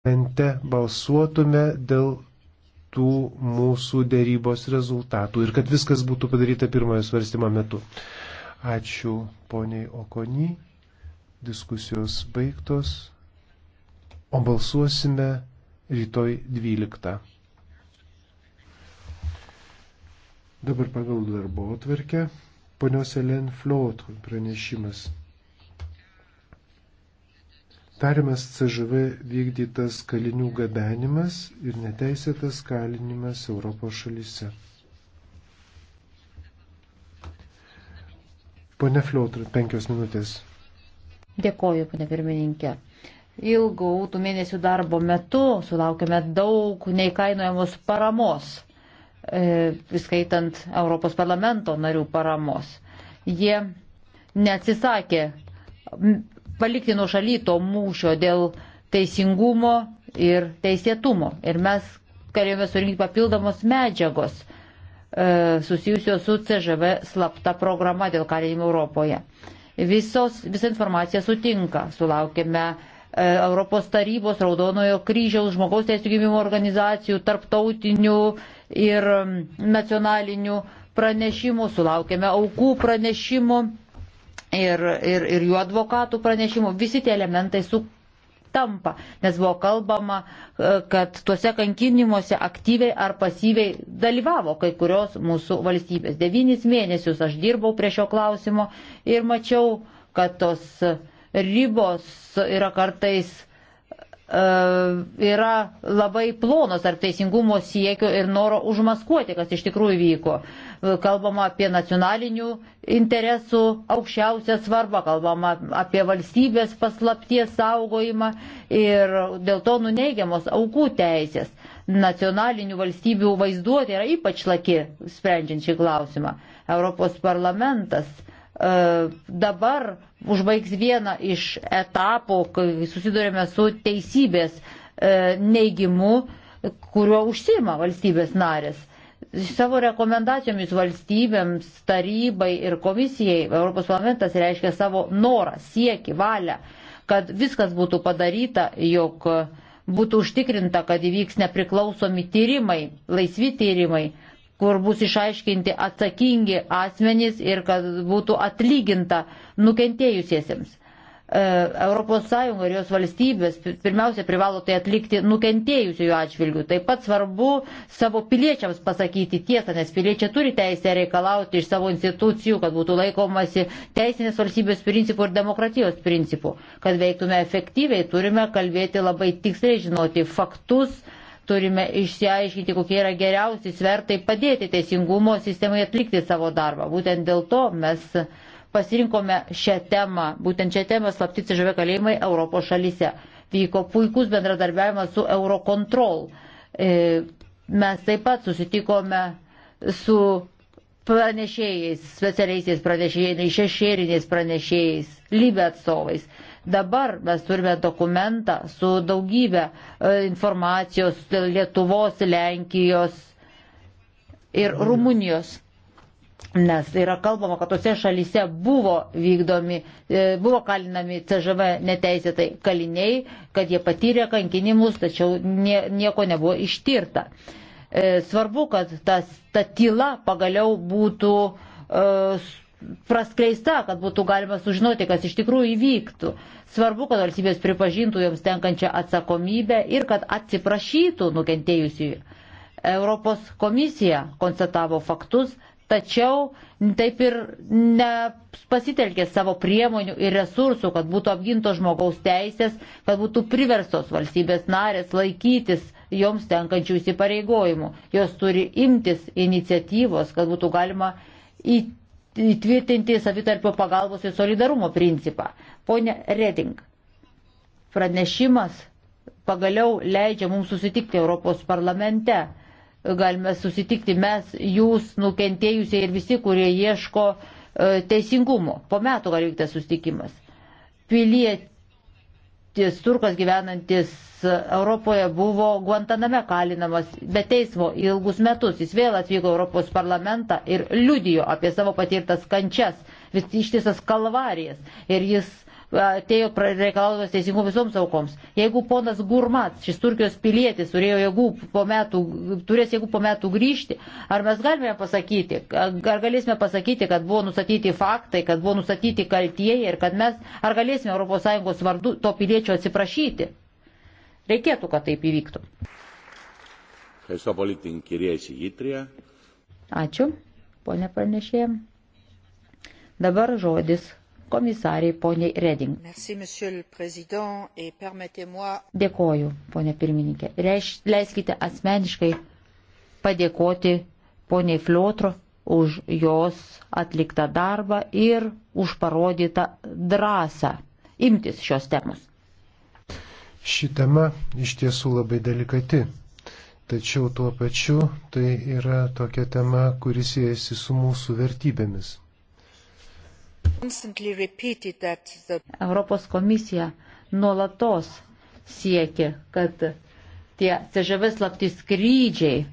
parlamente balsuotume dėl tų mūsų dėrybos rezultatų ir kad viskas būtų padaryta pirmojo svarstymo metu. Ačiū poniai Okony, diskusijos baigtos, o balsuosime rytoj 12. Dabar pagal darbo atverkę ponios Elen Flotr pranešimas. Tariamas CŽV vykdytas kalinių gabenimas ir neteisėtas kalinimas Europos šalyse. Pone Fliotra, penkios minutės. Dėkoju, pane pirmininkė. Ilgų tų mėnesių darbo metu sulaukėme daug neįkainojamos paramos, viskaitant e, Europos parlamento narių paramos. Jie neatsisakė palikti nuo šalyto mūšio dėl teisingumo ir teisėtumo. Ir mes galėjome surinkti papildomos medžiagos e, susijusios su CŽV slapta programa dėl kalinimo Europoje. Visos, visa informacija sutinka. Sulaukėme e, Europos tarybos, Raudonojo kryžiaus, žmogaus teisų gimimo organizacijų, tarptautinių ir nacionalinių pranešimų, sulaukėme aukų pranešimų ir, ir, ir jų advokatų pranešimų, visi tie elementai sutampa, nes buvo kalbama, e, kad tuose kankinimuose aktyviai ar pasyviai dalyvavo kai kurios mūsų valstybės. Devynis mėnesius aš dirbau prie šio klausimo ir mačiau, kad tos ribos yra kartais E, yra labai plonos tarp teisingumo siekio ir noro užmaskuoti, kas iš tikrųjų vyko. Kalbama apie nacionalinių interesų aukščiausią svarbą, kalbama apie valstybės paslapties saugojimą ir dėl to nuneigiamos aukų teisės. Nacionalinių valstybių vaizduoti yra ypač laki, sprendžiant šį klausimą. Europos parlamentas e, dabar užbaigs vieną iš etapų, kai susidurėme su teisybės e, neigimu, kuriuo užsima valstybės narės. Savo rekomendacijomis valstybėms, tarybai ir komisijai Europos parlamentas reiškia savo norą, sieki, valią, kad viskas būtų padaryta, jog būtų užtikrinta, kad įvyks nepriklausomi tyrimai, laisvi tyrimai, kur bus išaiškinti atsakingi asmenys ir kad būtų atlyginta nukentėjusiesiems. ES ir jos valstybės pirmiausia privalo tai atlikti nukentėjusiųjų atžvilgių. Taip pat svarbu savo piliečiams pasakyti tiesą, nes piliečiai turi teisę reikalauti iš savo institucijų, kad būtų laikomasi teisinės valstybės principų ir demokratijos principų. Kad veiktume efektyviai, turime kalbėti labai tiksliai, žinoti faktus, turime išsiaiškinti, kokie yra geriausi svertai padėti teisingumo sistemai atlikti savo darbą. Būtent dėl to mes pasirinkome šią temą, būtent šią temą slaptici žavė kalėjimai Europos šalyse. Vyko puikus bendradarbiavimas su Eurocontrol. E, mes taip pat susitikome su pranešėjais, specialiaisiais pranešėjais, šešėriniais pranešėjais, lybė atstovais. Dabar mes turime dokumentą su daugybė e, informacijos dėl Lietuvos, Lenkijos ir Rumunijos. Nes yra kalbama, kad tose šalyse buvo vykdomi, e, buvo kalinami CŽV neteisėtai kaliniai, kad jie patyrė kankinimus, tačiau nieko nebuvo ištirta. E, svarbu, kad ta, ta tyla pagaliau būtų praskleista, kad būtų galima sužinoti, kas iš tikrųjų įvyktų. Svarbu, kad valstybės pripažintų joms tenkančią atsakomybę ir kad atsiprašytų nukentėjusiųjų. Europos komisija konstatavo faktus, tačiau taip ir nepasitelkė savo priemonių ir resursų, kad būtų apgintos žmogaus teisės, kad būtų priverstos valstybės narės laikytis joms tenkančių įsipareigojimų. Jos turi imtis iniciatyvos, kad būtų galima įtikinti įtvirtinti savitarpio pagalbos ir solidarumo principą. Pone Reding, pranešimas pagaliau leidžia mums susitikti Europos parlamente. Galime susitikti mes, jūs, nukentėjusiai ir visi, kurie ieško e, teisingumo. Po metų gali vykti susitikimas. Pilietis, turkas gyvenantis Europoje buvo Guantaname kalinamas be teismo ilgus metus. Jis vėl atvyko Europos parlamentą ir liudijo apie savo patirtas kančias, vis ištisas kalvarijas. Ir jis atėjo reikalaudamas teisingumo visoms aukoms. Jeigu ponas Gurmats, šis Turkijos pilietis, turėjo jėgų po metų, turės jėgų po metų grįžti, ar mes galime pasakyti, ar galėsime pasakyti, kad buvo nustatyti faktai, kad buvo nustatyti kaltieji ir kad mes, ar galėsime ES vardu to piliečio atsiprašyti? Reikėtų, kad taip įvyktų. Ačiū, ponė pranešėja. Dabar žodis komisariai poniai Reding. Dėkoju, ponė pirmininkė. Leiskite asmeniškai padėkoti poniai Fliotro už jos atliktą darbą ir už parodytą drąsą imtis šios temos. Ši tema iš tiesų labai delikati, tačiau tuo pačiu tai yra tokia tema, kuris siejasi su mūsų vertybėmis. Europos komisija nuolatos siekia, kad tie CŽV slapti skrydžiai e,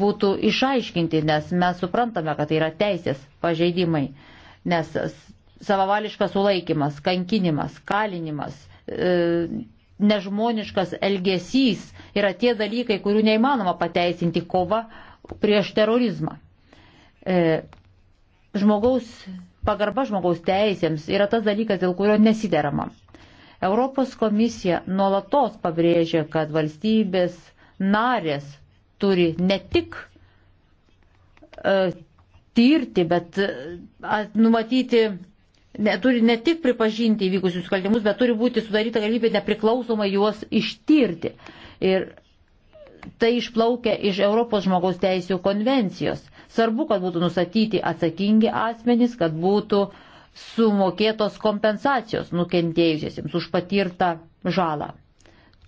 būtų išaiškinti, nes mes suprantame, kad tai yra teisės pažeidimai, nes savavališkas sulaikimas, kankinimas, kalinimas E, nežmoniškas elgesys yra tie dalykai, kurių neįmanoma pateisinti kova prieš terorizmą. E, žmogaus, pagarba žmogaus teisėms yra tas dalykas, dėl kurio nesiderama. Europos komisija nuolatos pabrėžia, kad valstybės narės turi ne tik e, tyrti, bet e, numatyti ne, turi ne tik pripažinti įvykusius kaltimus, bet turi būti sudaryta galimybė nepriklausomai juos ištirti. Ir tai išplaukia iš Europos žmogaus teisų konvencijos. Svarbu, kad būtų nustatyti atsakingi asmenys, kad būtų sumokėtos kompensacijos nukentėjusiesiems už patirtą žalą,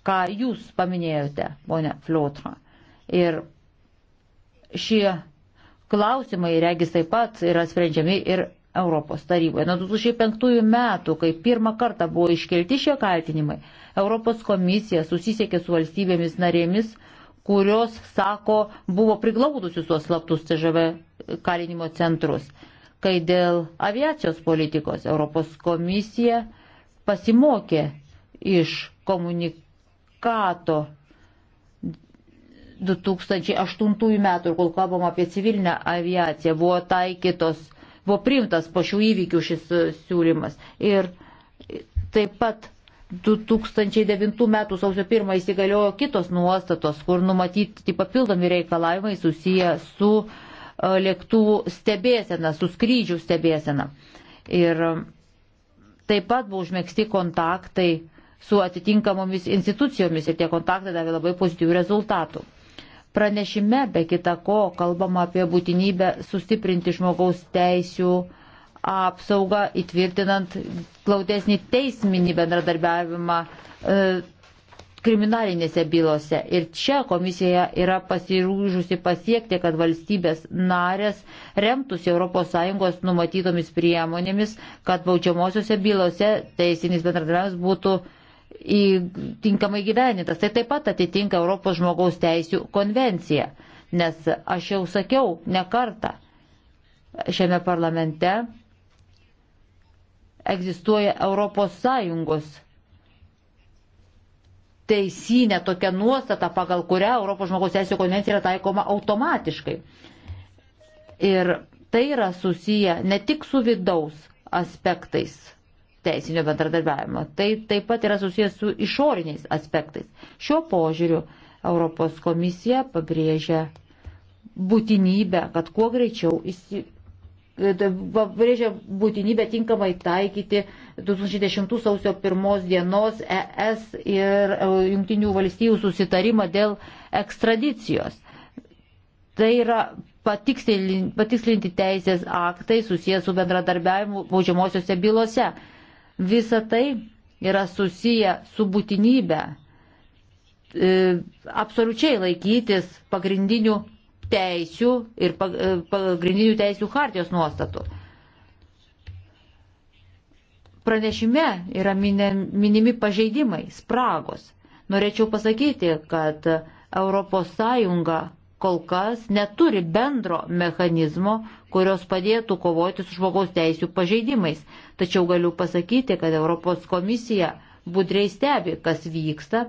ką jūs paminėjote, ponia Fliotra. Ir šie klausimai, regis taip pat, yra sprendžiami ir Europos taryboje. Nuo 2005 metų, kai pirmą kartą buvo iškelti šie kaltinimai, Europos komisija susisiekė su valstybėmis narėmis, kurios, sako, buvo priglaudusius tuos slaptus CŽV kalinimo centrus. Kai dėl aviacijos politikos Europos komisija pasimokė iš komunikato 2008 metų, kol kalbam apie civilinę aviaciją, buvo taikytos Buvo priimtas po šių įvykių šis e, siūlymas. Ir taip pat 2009 m. sausio 1 įsigaliojo kitos nuostatos, kur numatyti papildomi reikalavimai susiję su e, lėktuvų stebėsena, su skrydžių stebėsena. Ir e, taip pat buvo užmėgsti kontaktai su atitinkamomis institucijomis ir tie kontaktai davė labai pozityvių rezultatų. Pranešime be kita ko kalbama apie būtinybę sustiprinti žmogaus teisių apsaugą, įtvirtinant glaudesnį teisminį bendradarbiavimą e, kriminalinėse bylose. Ir čia komisija yra pasirūžusi pasiekti, kad valstybės narės remtųsi ES numatytomis priemonėmis, kad baudžiamosiose bylose teisinis bendradarbiavimas būtų tinkamai gyvenintas. Tai taip pat atitinka Europos žmogaus teisų konvenciją, nes aš jau sakiau ne kartą šiame parlamente egzistuoja Europos Sąjungos teisinė tokia nuostata, pagal kurią Europos žmogaus teisų konvencija yra taikoma automatiškai. Ir tai yra susiję ne tik su vidaus aspektais teisinio bendradarbiavimo. Tai taip pat yra susijęs su išoriniais aspektais. Šiuo požiūriu Europos komisija pabrėžia būtinybę, kad kuo greičiau įsi... pabrėžia būtinybę tinkamai taikyti 2010 sausio 1 dienos ES ir e, Junktinių valstybių susitarimą dėl ekstradicijos. Tai yra patikslinti teisės aktai susijęs su bendradarbiavimu baudžiamosiose bylose. Visa tai yra susiję su būtinybė e, absoliučiai laikytis pagrindinių teisių ir e, pagrindinių teisių hartijos nuostatų. Pranešime yra minimi pažeidimai, spragos. Norėčiau pasakyti, kad ES kol kas neturi bendro mechanizmo, kurios padėtų kovoti su žmogaus teisų pažeidimais. Tačiau galiu pasakyti, kad Europos komisija budriai stebi, kas vyksta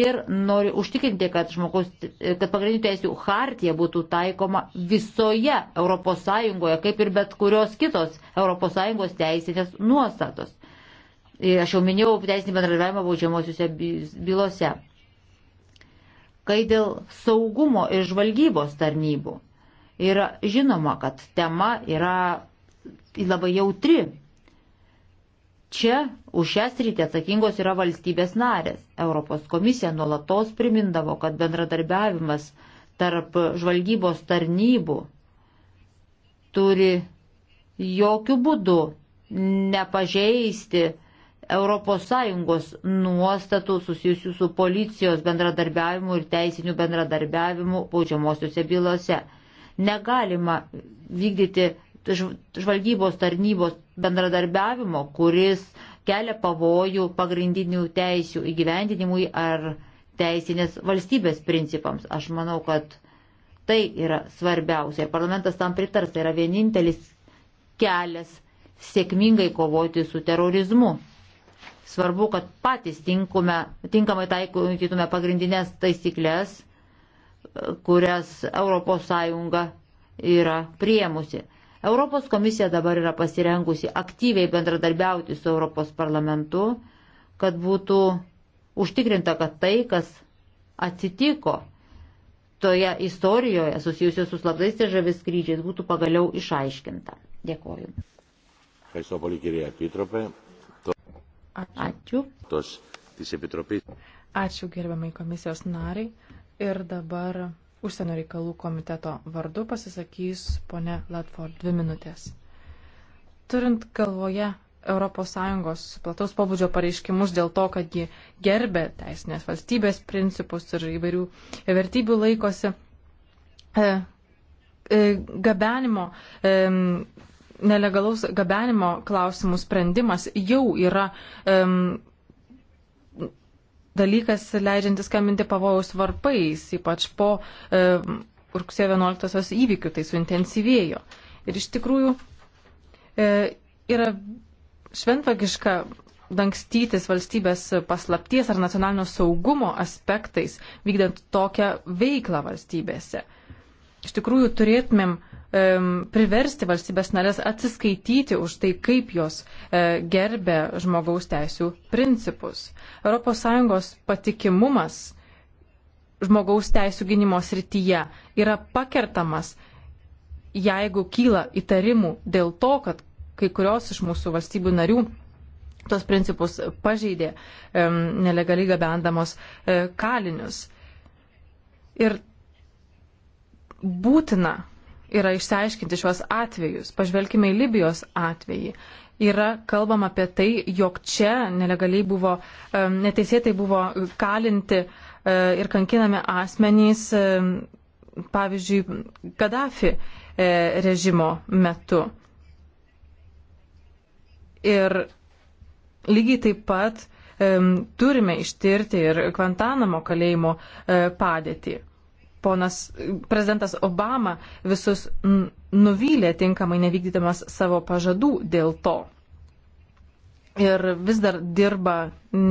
ir nori užtikrinti, kad, žmogus, kad pagrindinių teisų hartija būtų taikoma visoje ES, kaip ir bet kurios kitos ES teisinės nuostatos. Ir aš jau minėjau teisinį bendradarbiavimą baudžiamosiuose bylose kai dėl saugumo ir žvalgybos tarnybų yra žinoma, kad tema yra labai jautri. Čia už šią sritį atsakingos yra valstybės narės. Europos komisija nuolatos primindavo, kad bendradarbiavimas tarp žvalgybos tarnybų turi jokių būdų nepažeisti ES nuostatų susijusių su policijos bendradarbiavimu ir teisiniu bendradarbiavimu baudžiamosiuose bylose. Negalima vykdyti žvalgybos tarnybos bendradarbiavimo, kuris kelia pavojų pagrindinių teisių įgyvendinimui ar teisinės valstybės principams. Aš manau, kad tai yra svarbiausia. Ir parlamentas tam pritars. Tai yra vienintelis kelias sėkmingai kovoti su terorizmu. Svarbu, kad patys tinkume, tinkamai taikytume pagrindinės taisyklės, kurias ES yra priemusi. Europos komisija dabar yra pasirengusi aktyviai bendradarbiauti su Europos parlamentu, kad būtų užtikrinta, kad tai, kas atsitiko toje istorijoje susijusios su slaptais ir žavis skrydžiais, būtų pagaliau išaiškinta. Dėkoju. Ευχαριστώ πολύ κυρία Επίτροπε. Ačiū. Ačiū gerbiamai komisijos nariai. Ir dabar užsienio reikalų komiteto vardu pasisakys ponė Latford dvi minutės. Turint galvoje ES plataus pobūdžio pareiškimus dėl to, kad ji gerbė teisinės valstybės principus ir įvairių vertybių laikosi, e, e, gabenimo e, nelegalaus gabenimo klausimų sprendimas jau yra um, dalykas leidžiantis skambinti pavojaus varpais, ypač po um, rugsėjo 11-osios įvykių, tai suintensyvėjo. Ir iš tikrųjų e, yra šventvagiška dangstytis valstybės paslapties ar nacionalinio saugumo aspektais, vykdant tokią veiklą valstybėse. Iš tikrųjų turėtumėm priversti valstybės narės atsiskaityti už tai, kaip jos e, gerbė žmogaus teisų principus. ES patikimumas žmogaus teisų gynimo srityje yra pakertamas, jeigu kyla įtarimų dėl to, kad kai kurios iš mūsų valstybių narių tos principus pažeidė nelegaliai gabendamos e, kalinius. Ir būtina yra išsiaiškinti šios atvejus. Pažvelkime į Libijos atvejį. Yra kalbama apie tai, jog čia nelegaliai buvo, neteisėtai buvo kalinti e, ir kankinami asmenys, e, pavyzdžiui, Gaddafi e, režimo metu. Ir lygiai taip pat turime ištirti ir Kvantanamo kalėjimo padėtį ponas prezidentas Obama visus nuvylė tinkamai nevykdydamas savo pažadų dėl to. Ir vis dar dirba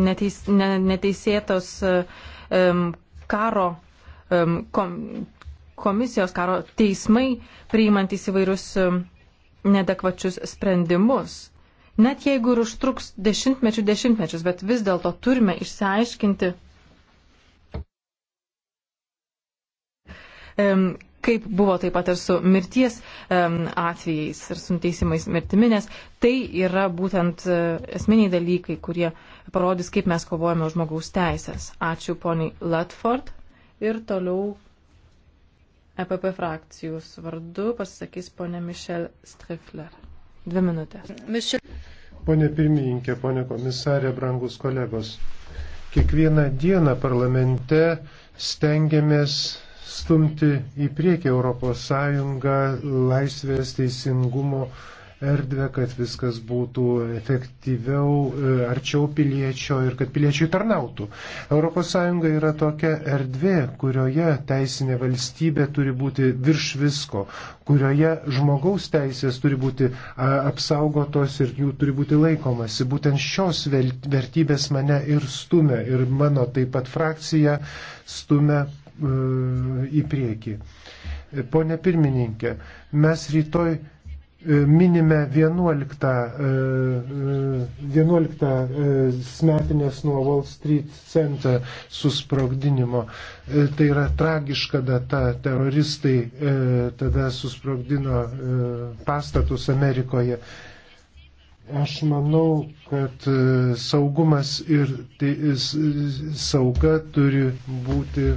neteis, ne, neteisėtos um, karo um, kom, komisijos, karo teismai priimantys įvairius um, nedekvačius sprendimus. Net jeigu ir užtruks dešimtmečių dešimtmečius, bet vis dėlto turime išsiaiškinti kaip buvo taip pat ir su mirties atvejais ir su teisimais mirtimi, nes tai yra būtent e, esminiai dalykai, kurie parodys, kaip mes kovojame už žmogaus teisės. Ačiū poniai Latford ir toliau EPP frakcijos vardu pasisakys ponė Mišel Strifler. Dvi minutės. Mišel. Pone pirmininkė, pone komisarė, brangus kolegos. Kiekvieną dieną parlamente stengiamės stumti į priekį ES laisvės teisingumo erdvę, kad viskas būtų efektyviau, e, arčiau piliečio ir kad piliečiai tarnautų. ES yra tokia erdvė, kurioje teisinė valstybė turi būti virš visko, kurioje žmogaus teisės turi būti apsaugotos ir jų turi būti laikomasi. Būtent šios vertybės mane ir stumia ir mano taip pat frakcija stumia į priekį. Pone pirmininkė, mes rytoj e, minime 11, 11 e, e, smetinės nuo Wall Street Center susprogdinimo. Tai yra tragiška data. Teroristai tada susprogdino pastatus Amerikoje. Aš manau, kad saugumas ir tai, sauga turi būti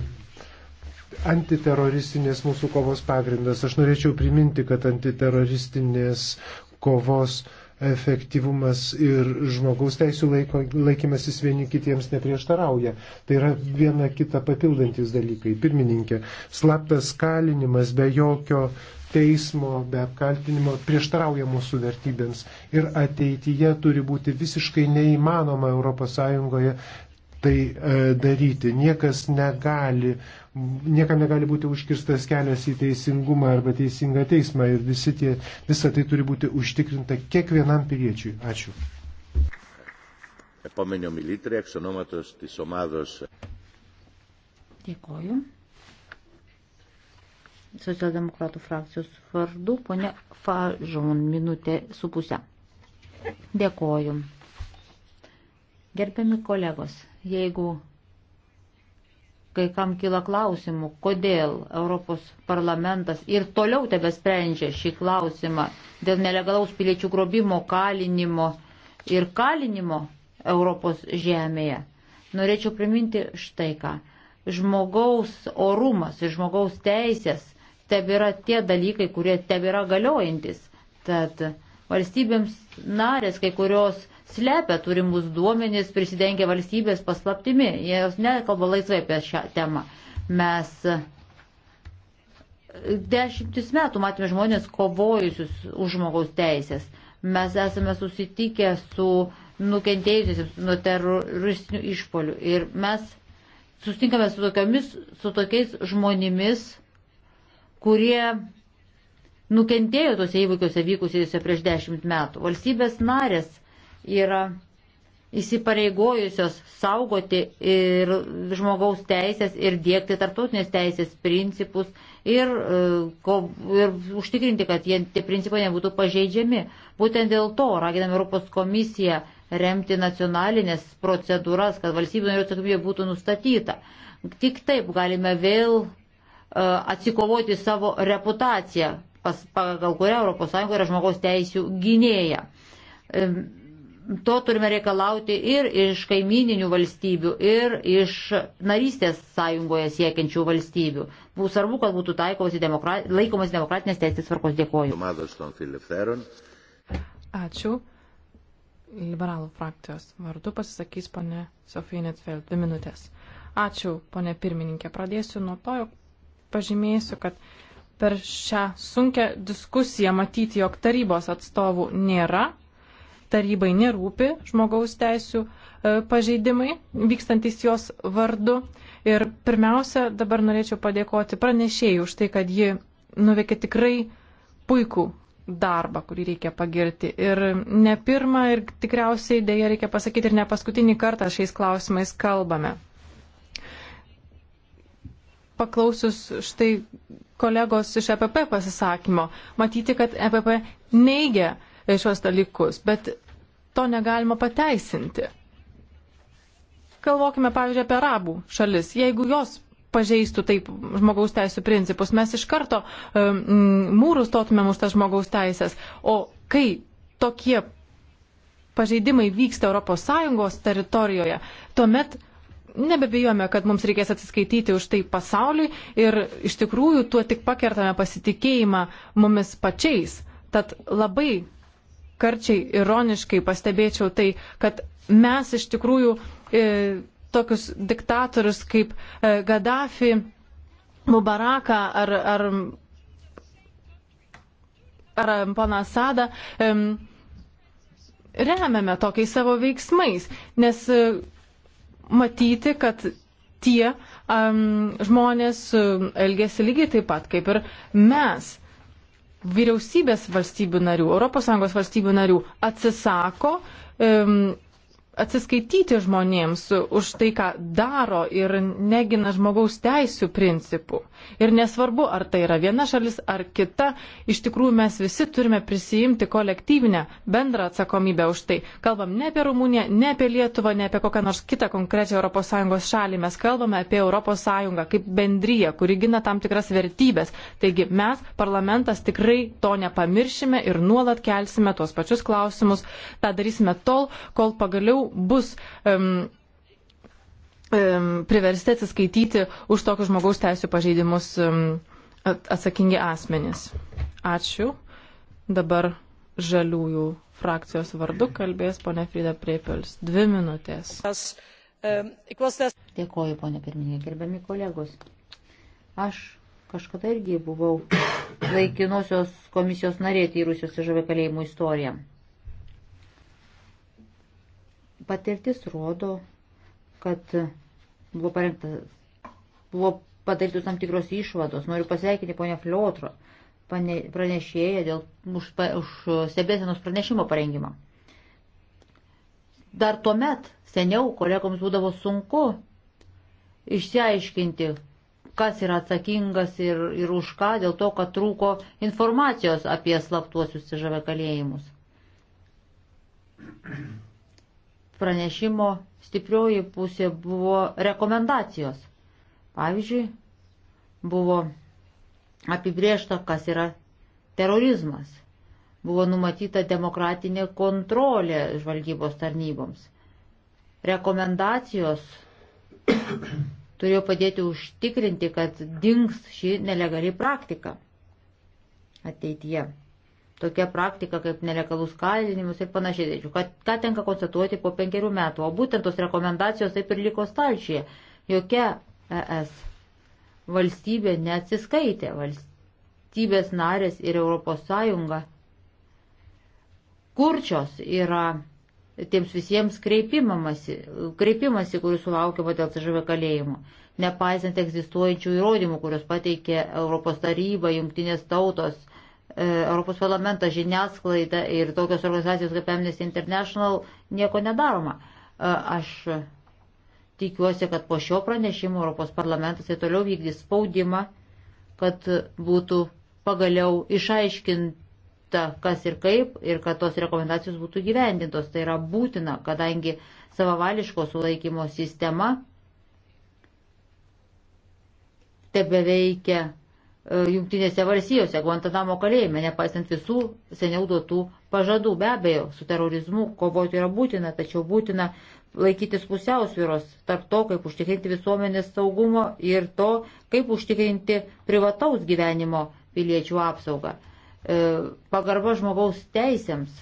antiteroristinės mūsų kovos pagrindas. Aš norėčiau priminti, kad antiteroristinės kovos efektyvumas ir žmogaus teisų laiko, laikymasis vieni kitiems neprieštarauja. Tai yra viena kita papildantis dalykai. Pirmininkė, slaptas kalinimas be jokio teismo, be apkaltinimo prieštarauja mūsų vertybėms. Ir ateityje turi būti visiškai neįmanoma ES tai e, daryti. Niekas negali niekam negali būti užkirstas kelias į teisingumą arba teisingą teismą ir visi tie, visa tai turi būti užtikrinta kiekvienam piliečiui. Ačiū. Επόμενη ομιλήτρια εξ ονόματος της ομάδος. Dėkoju. Socialdemokratų frakcijos vardu, ponia Fažon, minutė su pusę. Dėkoju. Gerbiami kolegos, jeigu kai kam kyla klausimų, kodėl Europos parlamentas ir toliau tebe sprendžia šį klausimą dėl nelegalaus piliečių grobimo, kalinimo ir kalinimo Europos žemėje. Norėčiau priminti štai ką. Žmogaus orumas ir žmogaus teisės tebėra tie dalykai, kurie tebėra galiojantis. Tad valstybėms narės, kai kurios slepia turimus duomenys, prisidengia valstybės paslaptimi. Jie jos nekalba laisvai apie šią temą. Mes e, dešimtis metų matėme žmonės kovojusius už žmogaus teisės. Mes esame susitikę su nukentėjusiais nuo teroristinių išpolių. Ir mes sustinkame su, tokiamis, su tokiais žmonėmis, kurie nukentėjo tose įvykiuose vykusiuose prieš dešimt metų. Valstybės narės yra įsipareigojusios saugoti ir žmogaus teisės ir dėkti tarptautinės teisės principus ir, e, ir užtikrinti, kad jie, tie principai nebūtų pažeidžiami. Būtent dėl to raginam Europos komisiją remti nacionalinės procedūras, kad valstybių narių atsakomybė būtų nustatyta. Tik taip galime vėl e, atsikovoti savo reputaciją, pagal kurią ES yra žmogaus teisų gynėja to turime reikalauti ir iš kaimininių valstybių, ir iš narystės sąjungoje siekiančių valstybių. Būtų svarbu, kad būtų demokrat, laikomas demokratinės teisės tvarkos. Dėkoju. Ačiū. Liberalų frakcijos vardu pasisakys ponė Sofija Netfeld. Dvi minutės. Ačiū, ponė pirmininkė. Pradėsiu nuo to, jog pažymėsiu, kad per šią sunkę diskusiją matyti, jog tarybos atstovų nėra tarybai nerūpi žmogaus teisų e, pažeidimai vykstantys jos vardu. Ir pirmiausia, dabar norėčiau padėkoti pranešėjai už tai, kad ji nuveikė tikrai puikų darbą, kurį reikia pagirti. Ir ne pirmą ir tikriausiai dėja reikia pasakyti ir ne paskutinį kartą šiais klausimais kalbame. Paklausius štai kolegos iš EPP pasisakymo, matyti, kad EPP neigia šios dalykus, bet to negalima pateisinti. Kalvokime, pavyzdžiui, apie arabų šalis. Jeigu jos pažeistų taip žmogaus teisų principus, mes iš karto um, mūrų stotumėm už tas žmogaus teisės. O kai tokie pažeidimai vyksta ES teritorijoje, tuomet nebebijome, kad mums reikės atsiskaityti už tai pasauliui ir iš tikrųjų tuo tik pakertame pasitikėjimą mumis pačiais. Tad labai karčiai ironiškai pastebėčiau tai, kad mes iš tikrųjų e, tokius diktatorius kaip e, Gaddafi, Mubaraką ar, ar, ar pana Sadą e, remiame tokiais savo veiksmais, nes e, matyti, kad tie um, žmonės e, elgesi lygiai taip pat kaip ir mes vyriausybės valstybių narių, ES valstybių narių atsisako um, atsiskaityti žmonėms už tai, ką daro ir negina žmogaus teisų principų. Ir nesvarbu, ar tai yra viena šalis ar kita, iš tikrųjų mes visi turime prisijimti kolektyvinę bendrą atsakomybę už tai. Kalbam ne apie Rumuniją, ne apie Lietuvą, ne apie kokią nors kitą konkrečią ES šalį. Mes kalbame apie ES kaip bendryją, kuri gina tam tikras vertybės. Taigi mes, parlamentas, tikrai to nepamiršime ir nuolat kelsime tuos pačius klausimus. Ta darysime tol, kol pagaliau vėliau bus um, um, priversti atsiskaityti už tokius žmogaus teisų pažeidimus um, atsakingi asmenys. Ačiū. Dabar žaliųjų frakcijos vardu kalbės ponė Frida Priepels. Dvi minutės. Dėkoju, ponė pirmininkė, gerbiami kolegos. Aš kažkada irgi buvau laikinosios komisijos narė tyrusios į žavę kalėjimų istoriją. Patirtis rodo, kad buvo parengtas, buvo padarytos tam tikros išvados. Noriu pasveikinti ponę Fliotro, pranešėją dėl už, už stebėsenos pranešimo parengimą. Dar tuomet, seniau, kolegoms būdavo sunku išsiaiškinti, kas yra atsakingas ir, ir už ką, dėl to, kad trūko informacijos apie slaptuosius CŽV kalėjimus pranešimo stiprioji pusė buvo rekomendacijos. Pavyzdžiui, buvo apibriešta, kas yra terorizmas. Buvo numatyta demokratinė kontrolė žvalgybos tarnyboms. Rekomendacijos turėjo padėti užtikrinti, kad dings ši nelegali praktika ateityje tokia praktika kaip nelegalus kalinimas ir panašiai. Tačiau, ką, ką tenka konstatuoti po penkerių metų, o būtent tos rekomendacijos taip ir liko stalčiuje. Jokia ES valstybė neatsiskaitė, valstybės narės ir ES kurčios yra tiems visiems kreipimasi, kreipimasi kurių sulaukiama dėl CŽV kalėjimų, nepaisant egzistuojančių įrodymų, kurios pateikė Europos taryba, jungtinės tautos, E, Europos parlamentas, žiniasklaida ir tokios organizacijos kaip Amnesty International nieko nedaroma. E, aš tikiuosi, kad po šio pranešimo Europos parlamentas ir toliau vykdys spaudimą, kad būtų pagaliau išaiškinta, kas ir kaip, ir kad tos rekomendacijos būtų gyvendintos. Tai yra būtina, kadangi savavališko sulaikymo sistema tebeveikia E, Junktinėse valstijose, Guantanamo kalėjime, nepaisant visų seniau duotų pažadų. Be abejo, su terorizmu kovoti yra būtina, tačiau būtina laikytis pusiausvyros tarp to, kaip užtikrinti visuomenės saugumo ir to, kaip užtikrinti privataus gyvenimo piliečių apsaugą. E, pagarba žmogaus teisėms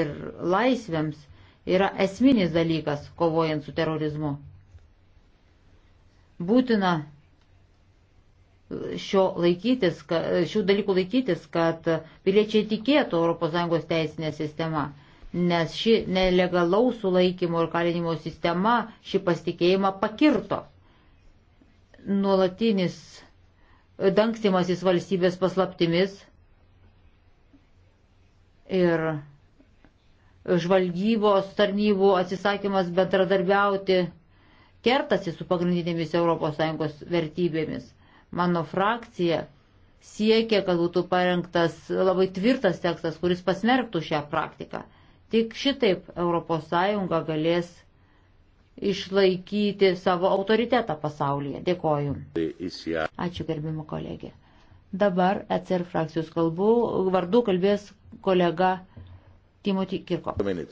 ir laisvėms yra esminis dalykas kovojant su terorizmu. Būtina šio laikytis, šių dalykų laikytis, kad piliečiai tikėtų ES teisinė sistema, nes ši nelegalaus sulaikymo ir kalinimo sistema šį pasitikėjimą pakirto. Nuolatinis dangstimasis valstybės paslaptimis ir žvalgybos tarnybų atsisakymas bendradarbiauti kertasi su pagrindinėmis ES vertybėmis Mano frakcija siekia, kad būtų parengtas labai tvirtas tekstas, kuris pasmerktų šią praktiką. Tik šitaip ES galės išlaikyti savo autoritetą pasaulyje. Dėkoju. Ačiū gerbimo kolegė. Dabar ECR frakcijos kalbų, vardu kalbės kolega Timothy Kirko. Dvi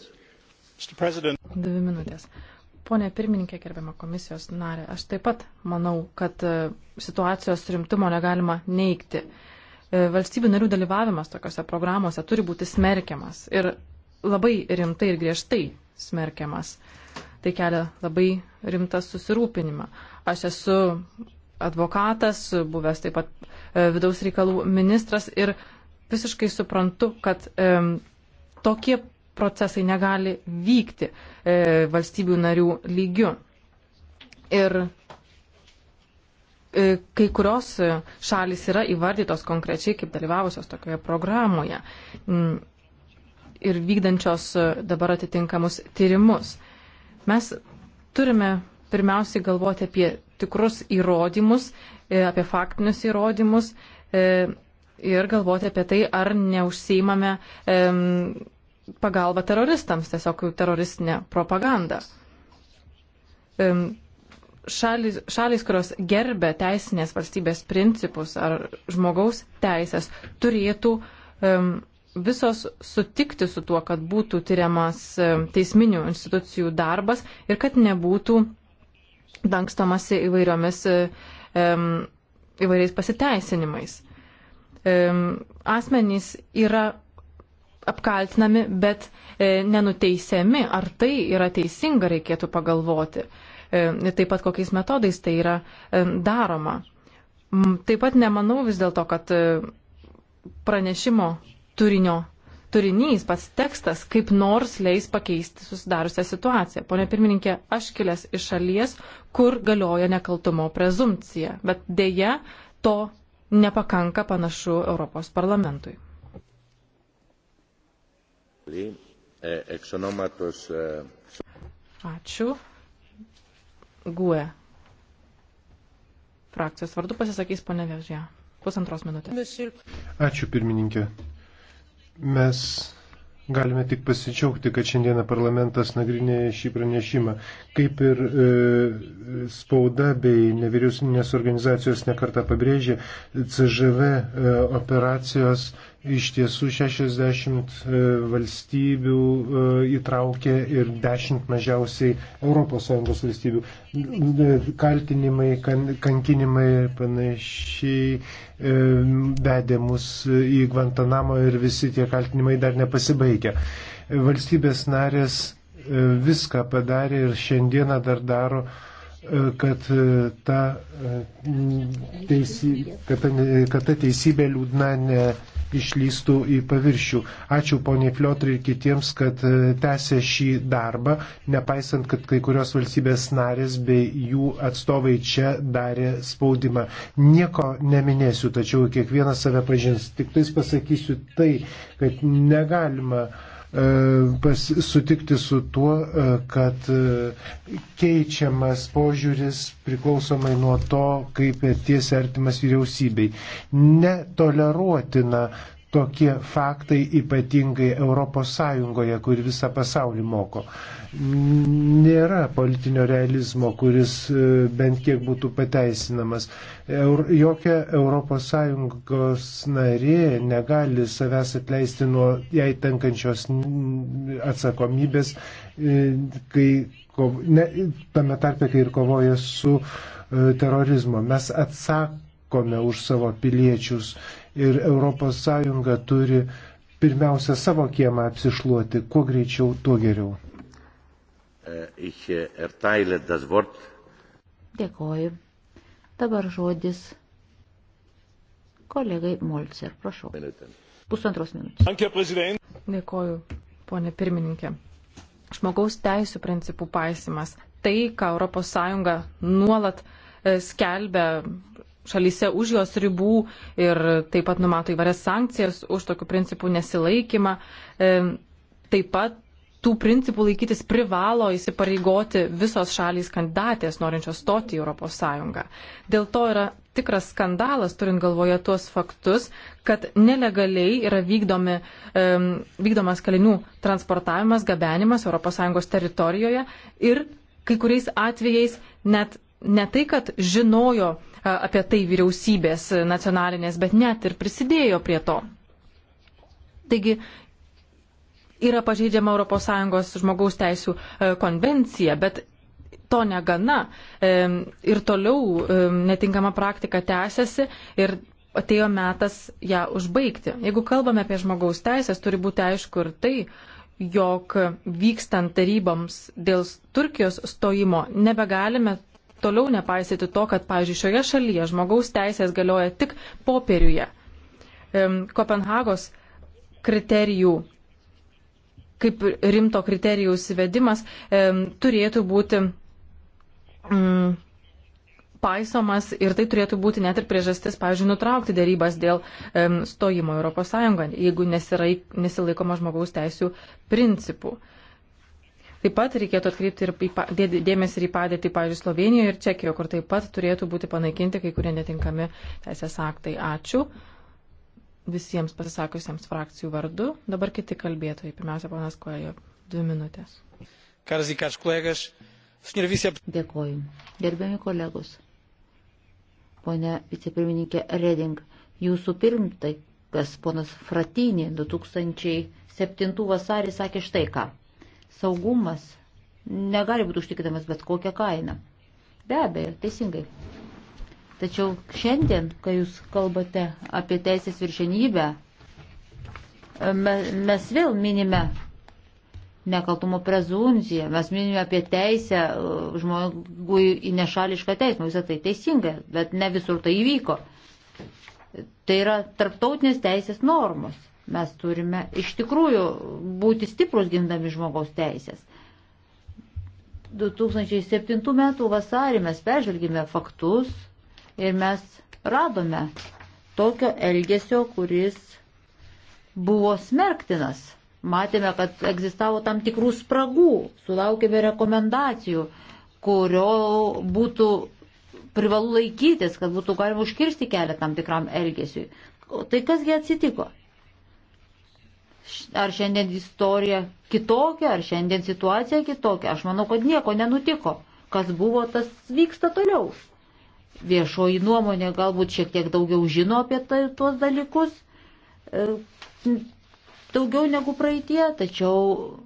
minutės. Pone pirmininkė, gerbiama komisijos narė, aš taip pat manau, kad e, situacijos rimtumo negalima neikti. E, valstybių narių dalyvavimas tokiuose programuose turi būti smerkiamas ir labai rimtai ir griežtai smerkiamas. Tai kelia labai rimtą susirūpinimą. Aš esu advokatas, buvęs taip pat e, vidaus reikalų ministras ir visiškai suprantu, kad e, tokie procesai negali vykti e, valstybių narių lygiu. Ir e, kai kurios šalis yra įvardytos konkrečiai kaip dalyvavusios tokioje programoje mm, ir vykdančios dabar atitinkamus tyrimus. Mes turime pirmiausiai galvoti apie tikrus įrodymus, e, apie faktinius įrodymus e, ir galvoti apie tai, ar neužseimame pagalba teroristams, tiesiog teroristinė propaganda. Šalis, šalis, kurios gerbė teisinės valstybės principus ar žmogaus teisės, turėtų um, visos sutikti su tuo, kad būtų tyriamas um, teisminių institucijų darbas ir kad nebūtų dangstamasi įvairiomis, um, įvairiais pasiteisinimais. Um, asmenys yra apkaltinami, bet e, nenuteisiami. Ar tai yra teisinga, reikėtų pagalvoti. Ir e, taip pat kokiais metodais tai yra e, daroma. Taip pat nemanau vis dėlto, kad pranešimo turinio turinys, pats tekstas, kaip nors leis pakeisti susidariusią situaciją. Pone pirmininkė, aš kilęs iš šalies, kur galioja nekaltumo prezumcija, bet dėja to nepakanka panašu Europos parlamentui. Eh, Ačiū. GUE. Frakcijos vardu pasisakys ponė Vėžė. Pusantros minutės. Ačiū pirmininkė. Mes Galime tik pasidžiaugti, kad šiandieną parlamentas nagrinėja šį pranešimą. Kaip ir e, spauda bei nevyriausybinės organizacijos nekarta pabrėžė, CŽV e, operacijos Iš tiesų 60 e, valstybių e, įtraukė ir 10 mažiausiai ES valstybių. E, kaltinimai, kan, kankinimai ir panašiai vedė mus į Guantanamo ir visi tie kaltinimai dar nepasibaigė. Valstybės narės viską padarė ir šiandieną dar daro kad ta, teisybė, kad ta, kad ta teisybė liūdna ne, išlystų į paviršių. Ačiū poniai Fliotrai ir kitiems, kad e, tęsė šį darbą, nepaisant, kad kai kurios valstybės narės bei jų atstovai čia darė spaudimą. Nieko neminėsiu, tačiau kiekvienas save pažins. Tik tais pasakysiu tai, kad negalima uh, E, pas, sutikti su tuo, e, kad e, keičiamas požiūris priklausomai nuo to, kaip ties artimas vyriausybei. Netoleruotina tokie faktai ypatingai ES, kur visą pasaulį moko. Nėra politinio realizmo, kuris e, bent kiek būtų pateisinamas. Jokia ES narė negali savęs atleisti nuo jai tenkančios atsakomybės, e, kai, ne, tame tarpe, kai ir kovoja su e, terorizmu. Mes atsakome už savo piliečius ir ES turi pirmiausia savo kiemą apsišluoti, kuo greičiau, tuo geriau. Eh, eh, Dėkoju. Dabar žodis kolegai Molcer, prašau. Pusantros minutės. Dėkoju, ponė pirmininkė. Žmogaus teisų principų paisimas. Tai, ką ES nuolat eh, skelbia šalyse už jos ribų ir taip pat numato įvairias sankcijas už tokių principų nesilaikymą. E, taip pat tų principų laikytis privalo įsipareigoti visos šalys kandidatės, norinčios stoti į ES. Dėl to yra tikras skandalas, turint galvoje tuos faktus, kad nelegaliai yra vykdomi, um, vykdomas kalinių transportavimas, gabenimas ES teritorijoje ir kai kuriais atvejais net ne tai, kad žinojo apie tai vyriausybės nacionalinės, bet net ir prisidėjo prie to. Taigi yra pažeidžiama ES žmogaus teisų e, konvencija, bet to negana e, ir toliau e, netinkama praktika tęsiasi ir atėjo metas ją užbaigti. Jeigu kalbame apie žmogaus teisės, turi būti aišku ir tai, jog vykstant taryboms dėl Turkijos stojimo nebegalime toliau nepaisyti to, kad, pavyzdžiui, šioje šalyje žmogaus teisės galioja tik popieriuje. Kopenhagos kriterijų kaip rimto kriterijaus įvedimas e, turėtų būti mm, paisomas ir tai turėtų būti net ir priežastis, pavyzdžiui, nutraukti dėrybas dėl e, stojimo Europos Sąjungą, jeigu nesirai, nesilaikoma žmogaus teisų principų. E, Taip pat reikėtų atkreipti ir dėmesį ir į padėtį, pavyzdžiui, Slovenijoje ir Čekijoje, kur taip pat turėtų būti panaikinti kai kurie netinkami teisės aktai. Ačiū visiems pasisakiusiems frakcijų vardu. Dabar kiti kalbėtojai. Pirmiausia, ponas Kojo, dvi minutės. Karas į kaž kolegas. Dėkoju. Gerbiami kolegos. Pone vicepirmininkė Reding, jūsų pirmtakas, ponas Fratinė, 2007 vasarį sakė štai ką saugumas negali būti užtikrinamas bet kokią kainą. Be abejo, teisingai. Tačiau šiandien, kai jūs kalbate apie teisės viršenybę, mes vėl minime nekaltumo prezumciją, mes minime apie teisę uh, žmogui į nešališką teismą, visą tai teisinga, bet ne visur tai įvyko. Tai yra tarptautinės teisės normos. Mes turime iš tikrųjų būti stiprus gindami žmogaus teisės. 2007 m. vasarį mes peržvelgime faktus ir mes radome tokio elgesio, kuris buvo smerktinas. Matėme, kad egzistavo tam tikrų spragų, sulaukėme rekomendacijų, kurio būtų privalu laikytis, kad būtų galima užkirsti kelią tam tikram elgesiui. Tai kasgi atsitiko? Ar šiandien istorija kitokia, ar šiandien situacija kitokia. Aš manau, kad nieko nenutiko. Kas buvo, tas vyksta toliau. Viešoji nuomonė galbūt šiek tiek daugiau žino apie tai, tuos dalykus, e, daugiau negu praeitie, tačiau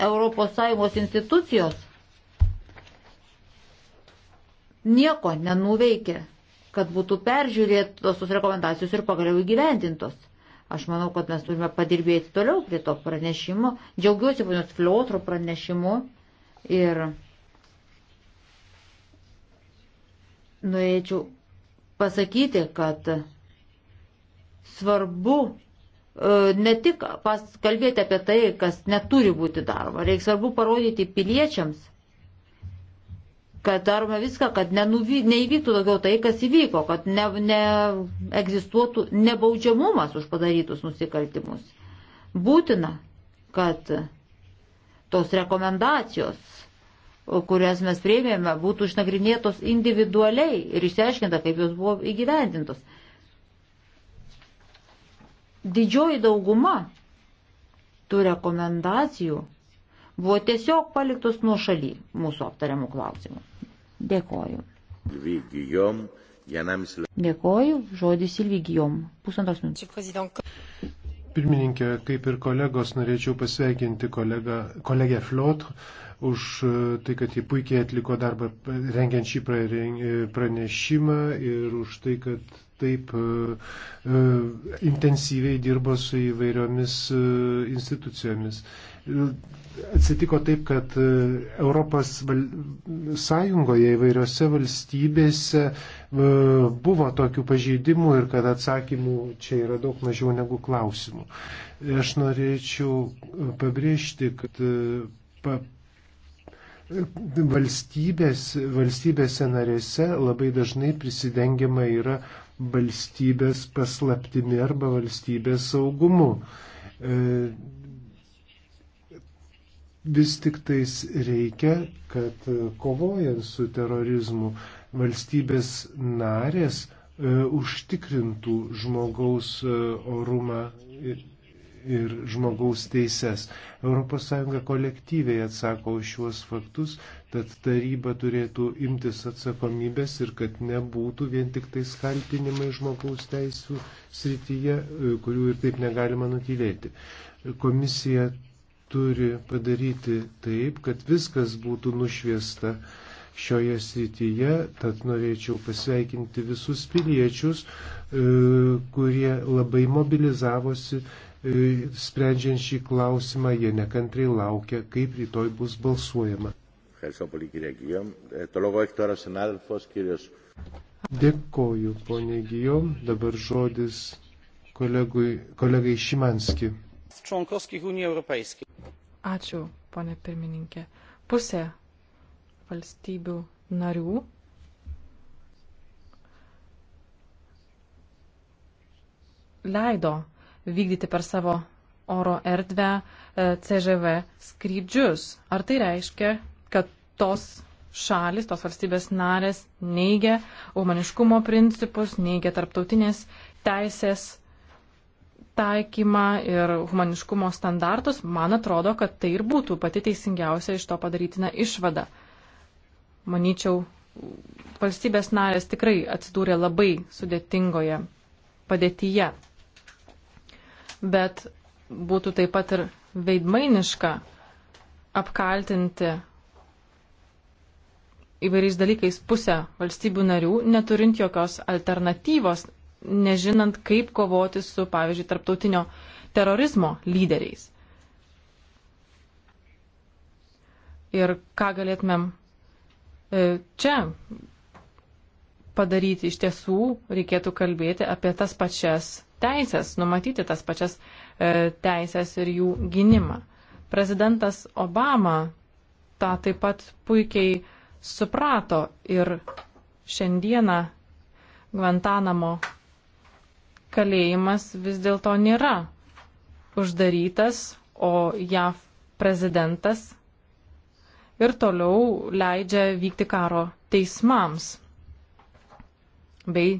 ES institucijos nieko nenuveikė kad būtų peržiūrėtos tos rekomendacijos ir pagaliau įgyvendintos. Aš manau, kad mes turime padirbėti toliau prie to pranešimo. Džiaugiuosi ponios Fliotro pranešimu ir norėčiau pasakyti, kad svarbu e, ne tik kalbėti apie tai, kas neturi būti daroma, reikia svarbu parodyti piliečiams, kad darome viską, kad nenuvy, neįvyktų daugiau tai, kas įvyko, kad ne, ne egzistuotų nebaudžiamumas už padarytus nusikaltimus. Būtina, kad tos rekomendacijos, kurias mes prieimėme, būtų išnagrinėtos individualiai ir išsiaiškinta, kaip jos buvo įgyvendintos. Didžioji dauguma tų rekomendacijų buvo tiesiog paliktos nuo šaly mūsų aptariamų klausimų. Dėkoju. Dėkoju, žodis Silvigijom. Pusantros minutės. Pirmininkė, kaip ir kolegos, norėčiau pasveikinti kolegą, kolegę Flot už e, tai, kad ji puikiai atliko darbą rengiant šį e, pranešimą ir už tai, kad taip e, intensyviai dirbo su įvairiomis institucijomis atsitiko taip, kad e, Europos Sąjungoje įvairiose valstybėse e, buvo tokių pažeidimų ir kad atsakymų čia yra daug mažiau negu klausimų. Aš norėčiau e, pabrėžti, kad pa, valstybės, valstybėse narėse labai dažnai prisidengiama yra valstybės paslaptimi arba valstybės saugumu vis tik tais reikia, kad e, kovojant su terorizmu valstybės narės e, užtikrintų žmogaus e, orumą ir žmogaus teises. ES kolektyviai atsako už šiuos faktus, tad taryba turėtų imtis atsakomybės ir kad nebūtų vien tik tais kaltinimai žmogaus teisų srityje, kurių ir taip negalima nutylėti. Komisija turi padaryti taip, kad viskas būtų nušviesta šioje srityje, tad norėčiau pasveikinti visus piliečius, e, kurie labai mobilizavosi, e, sprendžiant šį klausimą, jie nekantrai laukia, kaip rytoj bus balsuojama. Dėkoju, ponė Gijom, dabar žodis kolegui, kolegai Šimanski członkowskich unii europejskiej. Ačiū, ponė pirmininkė. Pusė valstybių narių leido vykdyti per savo oro erdvę e, CŽV skrydžius. Ar tai reiškia, kad tos šalis, tos valstybės narės neigia humaniškumo principus, neigia tarptautinės teisės taikymą ir humaniškumo standartus, man atrodo, kad tai ir būtų pati teisingiausia iš to padarytina išvada. Manyčiau, valstybės narės tikrai atsidūrė labai sudėtingoje padėtyje. Bet būtų taip pat ir veidmainiška apkaltinti įvairiais dalykais pusę valstybių narių, neturint jokios alternatyvos nežinant, kaip kovoti su, pavyzdžiui, tarptautinio terorizmo lyderiais. Ir ką galėtumėm e, čia padaryti iš tiesų, reikėtų kalbėti apie tas pačias teisės, numatyti tas pačias e, teisės ir jų gynimą. Prezidentas Obama tą taip pat puikiai suprato ir šiandieną Guantanamo kalėjimas vis dėlto nėra uždarytas, o JAV prezidentas ir toliau leidžia vykti karo teismams bei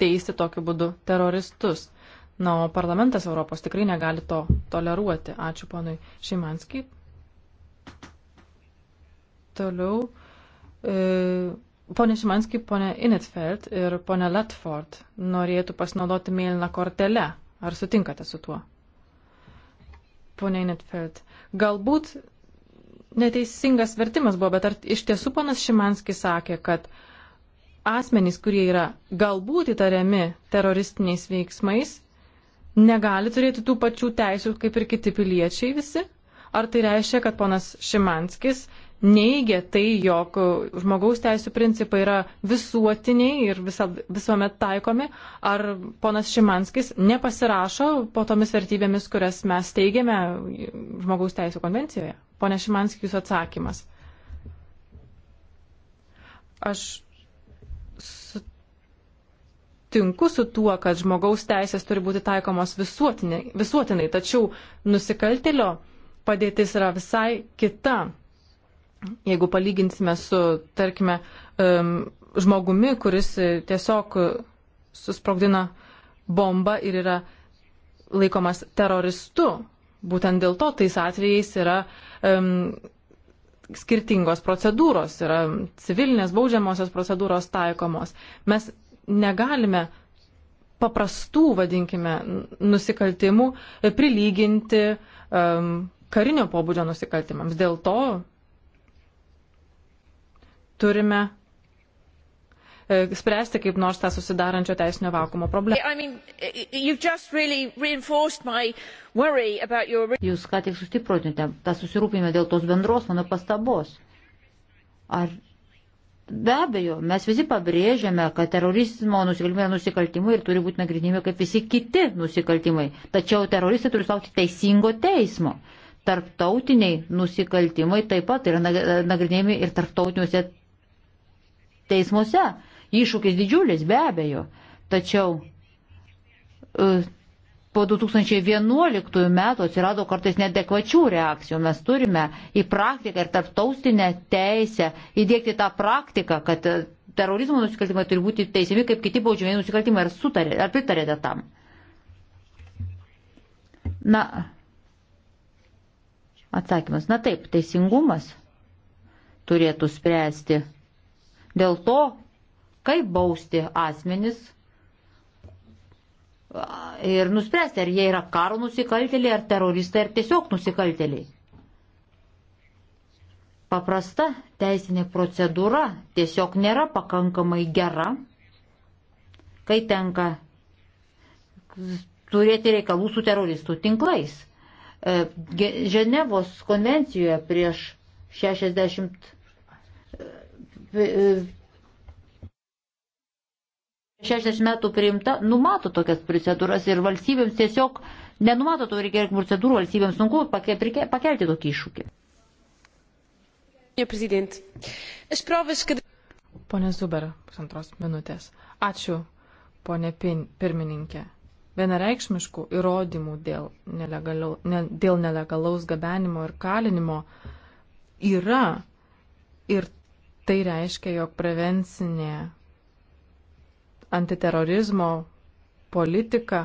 teisti tokiu būdu teroristus. Na, o parlamentas Europos tikrai negali to toleruoti. Ačiū ponui Šimanskiai. Toliau. E, Pone Šimanski, pone Inetfeld ir pone Latford norėtų pasinaudoti mėlyną kortelę. Ar sutinkate su tuo? Pone Inetfeld, galbūt neteisingas vertimas buvo, bet ar iš tiesų ponas Šimanski sakė, kad asmenys, kurie yra galbūt įtariami teroristiniais veiksmais, negali turėti tų pačių teisių kaip ir kiti piliečiai visi? Ar tai reiškia, kad ponas Šimanskis neigia tai, jog žmogaus teisų principai yra visuotiniai ir visa, visuomet taikomi, ar ponas Šimanskis nepasirašo po tomis vertybėmis, kurias mes teigiame žmogaus teisų konvencijoje? Pone Šimanskis, jūsų atsakymas. Aš sutinku su tuo, kad žmogaus teisės turi būti taikomos visuotinai, visuotinai tačiau nusikaltėlio padėtis yra visai kita jeigu palyginsime su, tarkime, žmogumi, kuris tiesiog susprogdina bombą ir yra laikomas teroristu. Būtent dėl to tais atvejais yra um, skirtingos procedūros, yra civilinės baudžiamosios procedūros taikomos. Mes negalime paprastų, vadinkime, nusikaltimų prilyginti um, karinio pobūdžio nusikaltimams. Dėl to turime e, spręsti kaip nors tą susidarančio teisinio vakumo problemą. I mean, really your... Jūs ką tik sustiprotinote tą susirūpinimą dėl tos bendros mano pastabos. Ar be abejo, mes visi pabrėžiame, kad terorizmo nusikaltimai yra nusikaltimai ir turi būti nagrinimi kaip visi kiti nusikaltimai. Tačiau teroristai turi laukti teisingo teismo tarptautiniai nusikaltimai taip pat yra nagrinėjami ir tarptautiniuose teismuose. Iššūkis didžiulis, be abejo. Tačiau e, po 2011 metų atsirado kartais nedekvačių reakcijų. Mes turime į praktiką ir tarptautinę teisę įdėkti tą praktiką, kad e, terorizmo nusikaltimai turi būti teisiami kaip kiti baudžiamiai nusikaltimai. Ar, sutarė, ar pritarėte tam? Na, atsakymas. Na taip, teisingumas turėtų spręsti dėl to, kaip bausti asmenis ir nuspręsti, ar jie yra karo nusikaltėliai, ar teroristai, ar tiesiog nusikaltėliai. Paprasta teisinė procedūra tiesiog nėra pakankamai gera, kai tenka turėti reikalų su teroristų tinklais. E, Ženevos konvencijoje prieš 60 60 e, metų priimta, numato tokias procedūras ir valstybėms tiesiog nenumato to reikia procedūrų, valstybėms sunku pakelti tokį iššūkį. Pone Zuber, pusantros minutės. Ačiū, ponė pirmininkė. Vienareikšmiškų įrodymų dėl, nelegalau, ne, dėl nelegalaus gabenimo ir kalinimo yra ir Tai reiškia, jog prevencinė antiterorizmo politika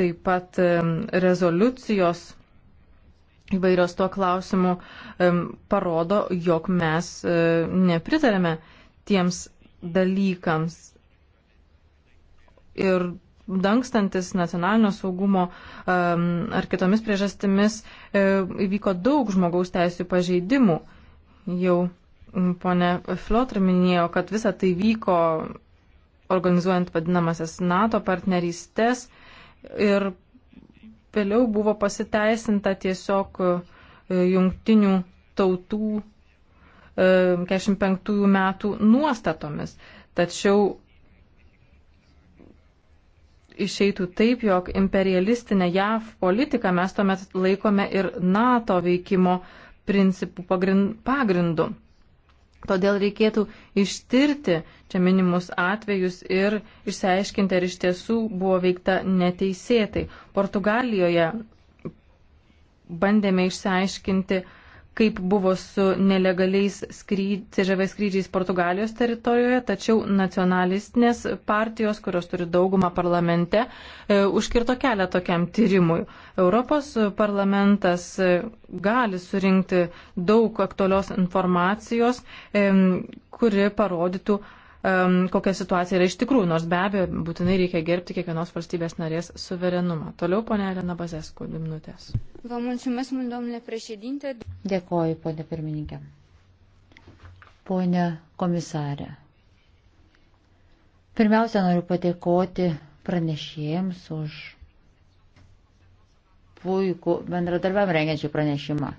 taip pat rezoliucijos įvairios tuo klausimu parodo, jog mes e, nepritarėme tiems dalykams. Ir dangstantis nacionalinio saugumo ar kitomis priežastimis e, įvyko daug žmogaus teisų pažeidimų. Jau ponė Flotr minėjo, kad visa tai vyko organizuojant vadinamasias NATO partnerystės ir vėliau buvo pasiteisinta tiesiog e, jungtinių tautų 45 e, metų nuostatomis. Tačiau išeitų taip, jog imperialistinę JAV politiką mes tuomet laikome ir NATO veikimo principų pagrindu. Todėl reikėtų ištirti čia minimus atvejus ir išsiaiškinti, ar iš tiesų buvo veikta neteisėtai. Portugalijoje bandėme išsiaiškinti, kaip buvo su nelegaliais skryd, CŽV skrydžiais Portugalijos teritorijoje, tačiau nacionalistinės partijos, kurios turi daugumą parlamente, e, užkirto kelią tokiam tyrimui. Europos parlamentas e, gali surinkti daug aktualios informacijos, e, kuri parodytų, um, kokia situacija yra iš tikrųjų, nors be abejo būtinai reikia gerbti kiekvienos valstybės narės suverenumą. Toliau ponė Elena Bazesku, dvi minutės. Dėkoju, ponė pirmininkė. Ponė komisarė. Pirmiausia, noriu padėkoti pranešėjams už puikų bendradarbiam rengiančių pranešimą.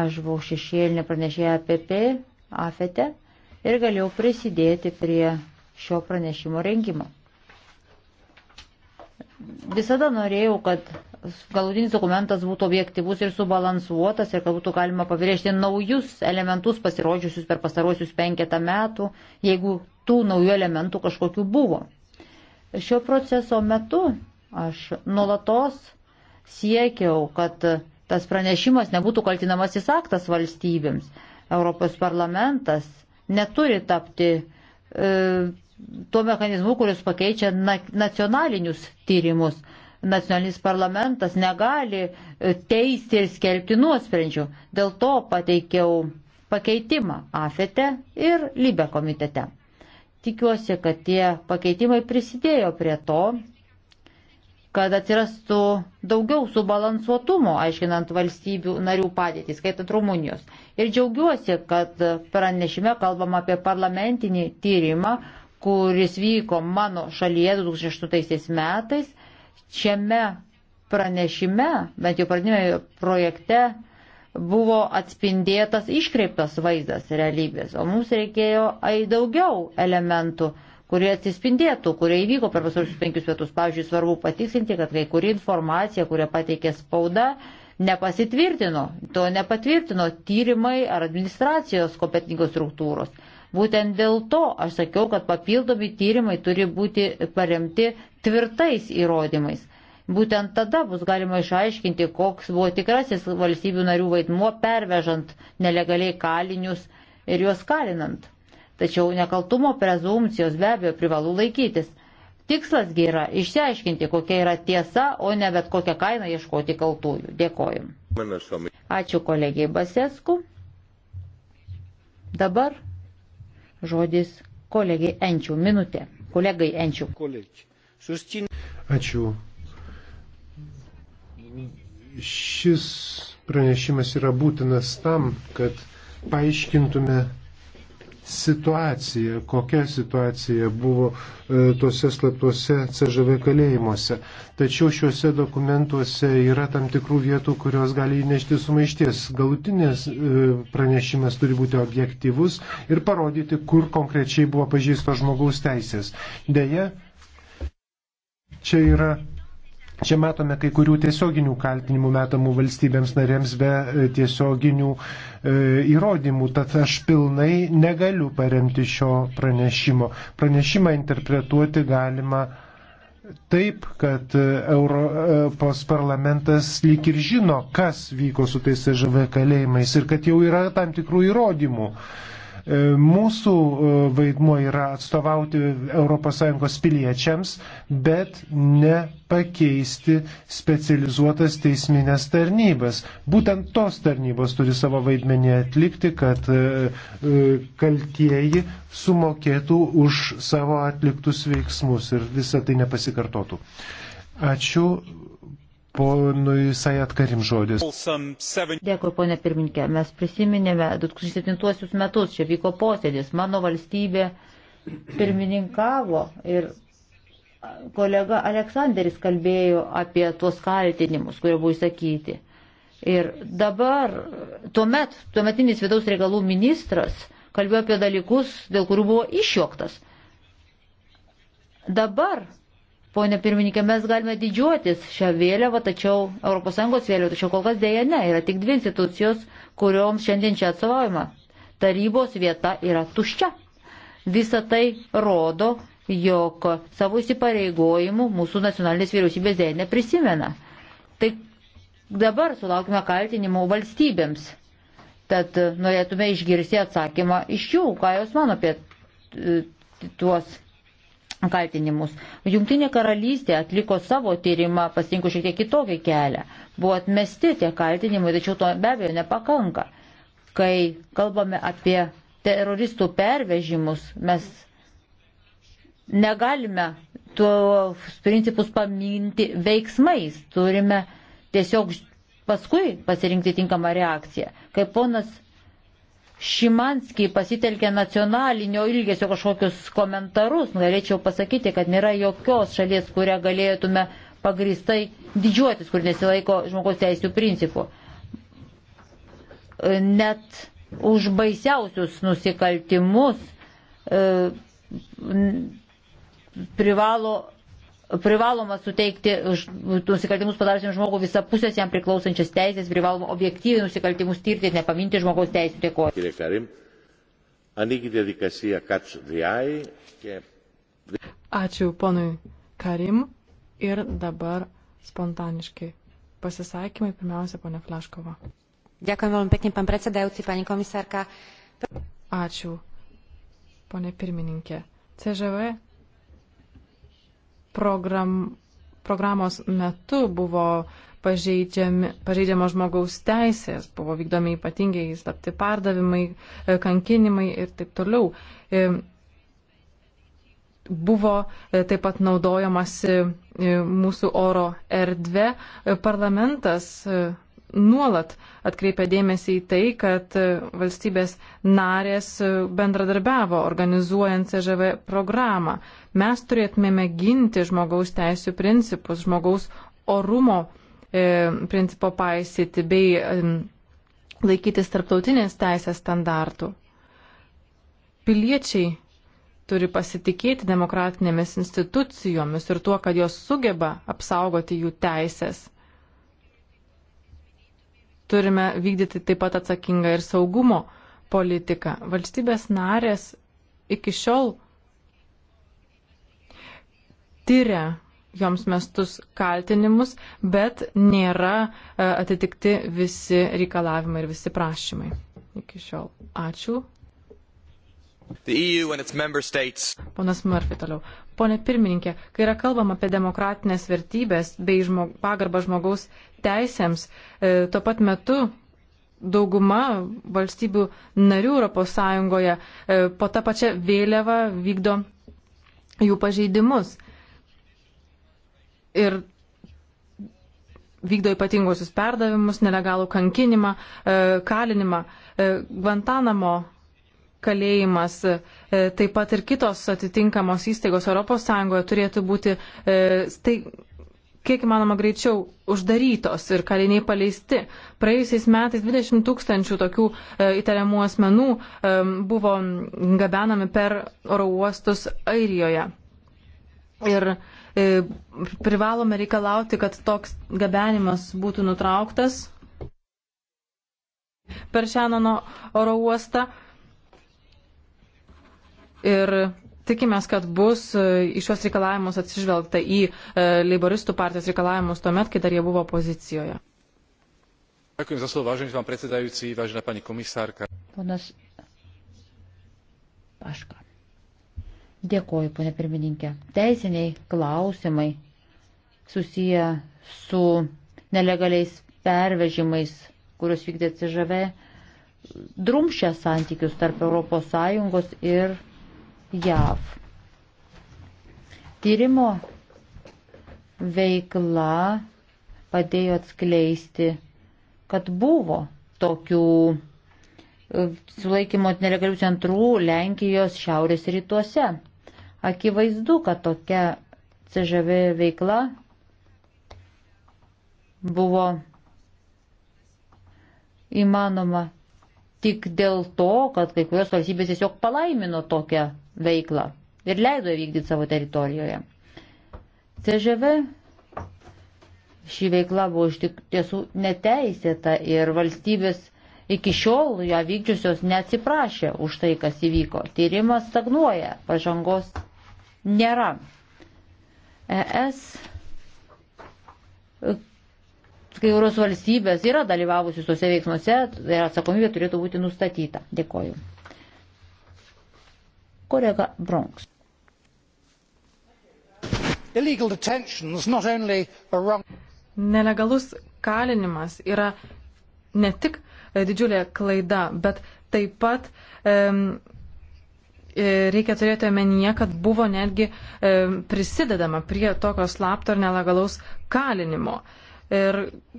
Aš buvau šešėlinė pranešėja PP, AFETE ir galėjau prisidėti prie šio pranešimo rengimo. Visada norėjau, kad galutinis dokumentas būtų objektivus ir subalansuotas ir kad būtų galima pabrėžti naujus elementus pasirodžiusius per pastaruosius penketą metų, jeigu tų naujų elementų kažkokių buvo. Šio proceso metu aš nuolatos siekiau, kad tas pranešimas nebūtų kaltinamasis aktas valstybėms. Europos parlamentas neturi tapti e, tuo mechanizmu, kuris pakeičia na, nacionalinius tyrimus. Nacionalinis parlamentas negali e, teisti ir skelbti nuosprendžių. Dėl to pateikiau pakeitimą AFETE ir LIBE komitete. Tikiuosi, kad tie pakeitimai prisidėjo prie to, kad atsirastų daugiau subalansuotumo, aiškinant valstybių narių padėtį, skaitant Rumunijos. Ir džiaugiuosi, kad pranešime kalbam apie parlamentinį tyrimą, kuris vyko mano šalyje 2008 metais. Šiame pranešime, bent jau pradinėme projekte, buvo atspindėtas iškreiptas vaizdas realybės, o mums reikėjo ai daugiau elementų kurie atsispindėtų, kurie įvyko per pasaulius penkius metus. Pavyzdžiui, svarbu patikslinti, kad kai kuri informacija, kurią pateikė spauda, nepasitvirtino, to nepatvirtino tyrimai ar administracijos kompetingos struktūros. Būtent dėl to aš sakiau, kad papildomi tyrimai turi būti paremti tvirtais įrodymais. Būtent tada bus galima išaiškinti, koks buvo tikrasis valstybių narių vaidmuo pervežant nelegaliai kalinius ir juos kalinant. Tačiau nekaltumo prezumcijos be abejo privalu laikytis. Tikslasgi yra išsiaiškinti, kokia yra tiesa, o ne bet kokią kainą ieškoti kaltųjų. Dėkoju. Ačiū kolegijai Basesku. Dabar žodis kolegijai Enčių. Minutė. Kolegai Enčių. Ačiū. Šis pranešimas yra būtinas tam, kad paaiškintume situacija, kokia situacija buvo e, tuose slaptuose CŽV kalėjimuose. Tačiau šiuose dokumentuose yra tam tikrų vietų, kurios gali įnešti sumaišties. Galutinės e, pranešimas turi būti objektivus ir parodyti, kur konkrečiai buvo pažįsto žmogaus teisės. Deja, čia yra Čia matome kai kurių tiesioginių kaltinimų metamų valstybėms narėms be e, tiesioginių e, įrodymų, tad aš pilnai negaliu paremti šio pranešimo. Pranešimą interpretuoti galima taip, kad e, Europos e, parlamentas lyg ir žino, kas vyko su tais SŽV kalėjimais ir kad jau yra tam tikrų įrodymų. E, E, mūsų e, vaidmuo yra atstovauti ES piliečiams, bet ne pakeisti specializuotas teisminės tarnybas. Būtent tos tarnybos turi savo vaidmenį atlikti, kad e, kaltieji sumokėtų už savo atliktus veiksmus ir visa tai nepasikartotų. Ačiū. Ponui Sajat Karim žodis. Dėkui, ponė pirminkė. Mes prisiminėme 2007 metus, čia vyko posėdis. Mano valstybė pirmininkavo ir kolega Aleksanderis kalbėjo apie tuos kaltinimus, kurie buvo įsakyti. Ir dabar tuomet, tuometinis vidaus reikalų ministras kalbėjo apie dalykus, dėl kurių buvo išjuoktas. Dabar Pone pirmininkė, mes galime didžiuotis šią vėliavą, tačiau ES vėliavą, tačiau kol kas dėja ne, yra tik dvi institucijos, kurioms šiandien čia atstovaujama. Tarybos vieta yra tuščia. Visa tai rodo, jog savo įsipareigojimų mūsų nacionalinės vyriausybės dėja neprisimena. Tai dabar sulaukime kaltinimų valstybėms. Tad norėtume išgirsti atsakymą iš jų, ką jos mano apie e, tuos kaltinimus. Jungtinė karalystė atliko savo tyrimą, pasirinko šiek tiek kitokį kelią. Buvo atmesti tie kaltinimai, tačiau to be abejo nepakanka. Kai kalbame apie teroristų pervežimus, mes negalime tuos principus paminti veiksmais, turime tiesiog paskui pasirinkti tinkamą reakciją. Kaip ponas Šimanskį pasitelkė nacionalinio ilgesio kažkokius komentarus. Norėčiau pasakyti, kad nėra jokios šalies, kurią galėtume pagristai didžiuotis, kur nesilaiko žmogaus teisų principų. E, net už baisiausius nusikaltimus e, privalo privaloma suteikti nusikaltimus padarysim žmogų visapusės jam priklausančias teisės, privaloma objektyviai nusikaltimus tirti ir nepaminti žmogaus teisų. Dėkuoju. Ačiū ponui Karim ir dabar spontaniškai pasisakymai, pirmiausia, ponia Flaškova. Ďakujem veľmi pekne, pán predsedajúci, pani komisárka. Ačiū, ponė pirmininkė. CŽV program, programos metu buvo pažeidžiamos žmogaus teisės, buvo vykdomi ypatingiai slapti pardavimai, e, kankinimai ir taip toliau. E, buvo e, taip pat naudojamasi mūsų oro erdvė. Parlamentas nuolat atkreipia dėmesį į tai, kad valstybės narės bendradarbiavo organizuojant CŽV programą. Mes turėtumėme ginti žmogaus teisų principus, žmogaus orumo e, principo paisyti bei e, laikytis tarptautinės teisės standartų. Piliečiai turi pasitikėti demokratinėmis institucijomis ir tuo, kad jos sugeba apsaugoti jų teisės turime vykdyti taip pat atsakingą ir saugumo politiką. Valstybės narės iki šiol tyria joms mestus kaltinimus, bet nėra e, atitikti visi reikalavimai ir visi prašymai. Iki šiol. Ačiū. E Ponas Murphy toliau. Pone pirmininkė, kai yra kalbama apie demokratinės vertybės bei žmog, pagarbą žmogaus teisėms, e, tuo pat metu dauguma valstybių narių ES e, po tą pačią vėliavą vykdo jų pažeidimus. Ir vykdo ypatinguosius perdavimus, nelegalų kankinimą, e, kalinimą. E, Guantanamo kalėjimas, e, taip pat ir kitos atitinkamos įstaigos ES turėtų būti e, tai, kiek įmanoma greičiau uždarytos ir kaliniai paleisti. Praėjusiais metais 20 tūkstančių tokių e, įtariamų asmenų buvo gabenami per oro uostus Airijoje. Ir privalome reikalauti, kad toks gabenimas būtų nutrauktas per Šenono oro uostą Ir tikimės, kad bus e, į šios reikalavimus atsižvelgta į e, leiboristų partijos reikalavimus tuomet, kai dar jie buvo opozicijoje. Ďakujem za slovo, vážený pán predsedajúci, vážená pani komisárka. Ponas Paška. Dėkoju, ponė pirmininkė. Teisiniai klausimai susiję su nelegaliais pervežimais, kuriuos vykdė CŽV, drumšia santykius tarp ES ir JAV. Tyrimo veikla padėjo atskleisti, kad buvo tokių e, sulaikymo nelegalių centrų Lenkijos šiaurės rytuose. Akivaizdu, kad tokia CŽV veikla buvo įmanoma tik dėl to, kad kai kurios valstybės tiesiog palaimino tokią veiklą ir leido įvykdyti savo teritorijoje. CŽV ši veikla buvo iš tiesų neteisėta ir valstybės iki šiol ją vykdžiusios neatsiprašė už tai, kas įvyko. Tyrimas stagnuoja, pažangos nėra. ES kai kurios valstybės yra dalyvavusios tose veiksmuose ir tai atsakomybė turėtų būti nustatyta. Dėkoju kolega Bronks. Nelegalus kalinimas yra ne tik e, didžiulė klaida, bet taip pat um, reikia turėti omenyje, kad buvo netgi um, prisidedama prie tokio slapto ir nelegalaus kalinimo. Ir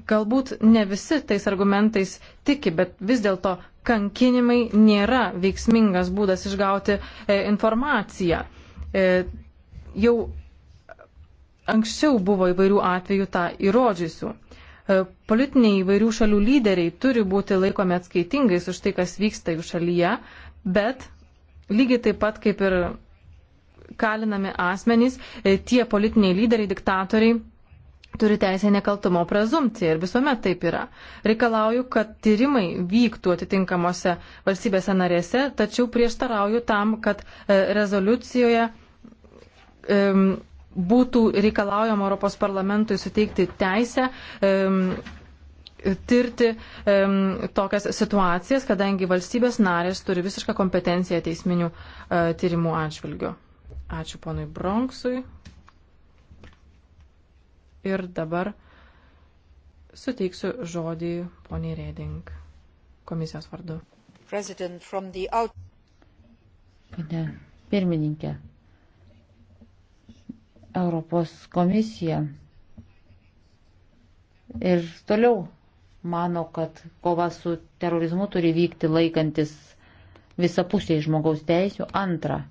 galbūt ne visi tais argumentais tiki, bet vis dėlto kankinimai nėra veiksmingas būdas išgauti e, informaciją. E, jau anksčiau buvo įvairių atvejų tą įrodžiusių. E, politiniai įvairių šalių lyderiai turi būti laikomi atskaitingais už tai, kas vyksta jų šalyje, bet lygiai taip pat kaip ir kalinami asmenys, e, tie politiniai lyderiai, diktatoriai turi teisę nekaltumo prezumciją ir visuomet taip yra. Reikalauju, kad tyrimai vyktų atitinkamose valstybėse narėse, tačiau prieštarauju tam, kad e, rezoliucijoje būtų reikalaujama Europos parlamentui suteikti teisę tirti tokias situacijas, kadangi valstybės narės turi visišką kompetenciją teisminių e, tyrimų atžvilgiu. Ačiū ponui Bronksui. Ir dabar suteiksiu žodį poniai Reding komisijos vardu. Pane pirmininkė, Europos komisija ir toliau mano, kad kova su terorizmu turi vykti laikantis visapusiai žmogaus teisų. Antra,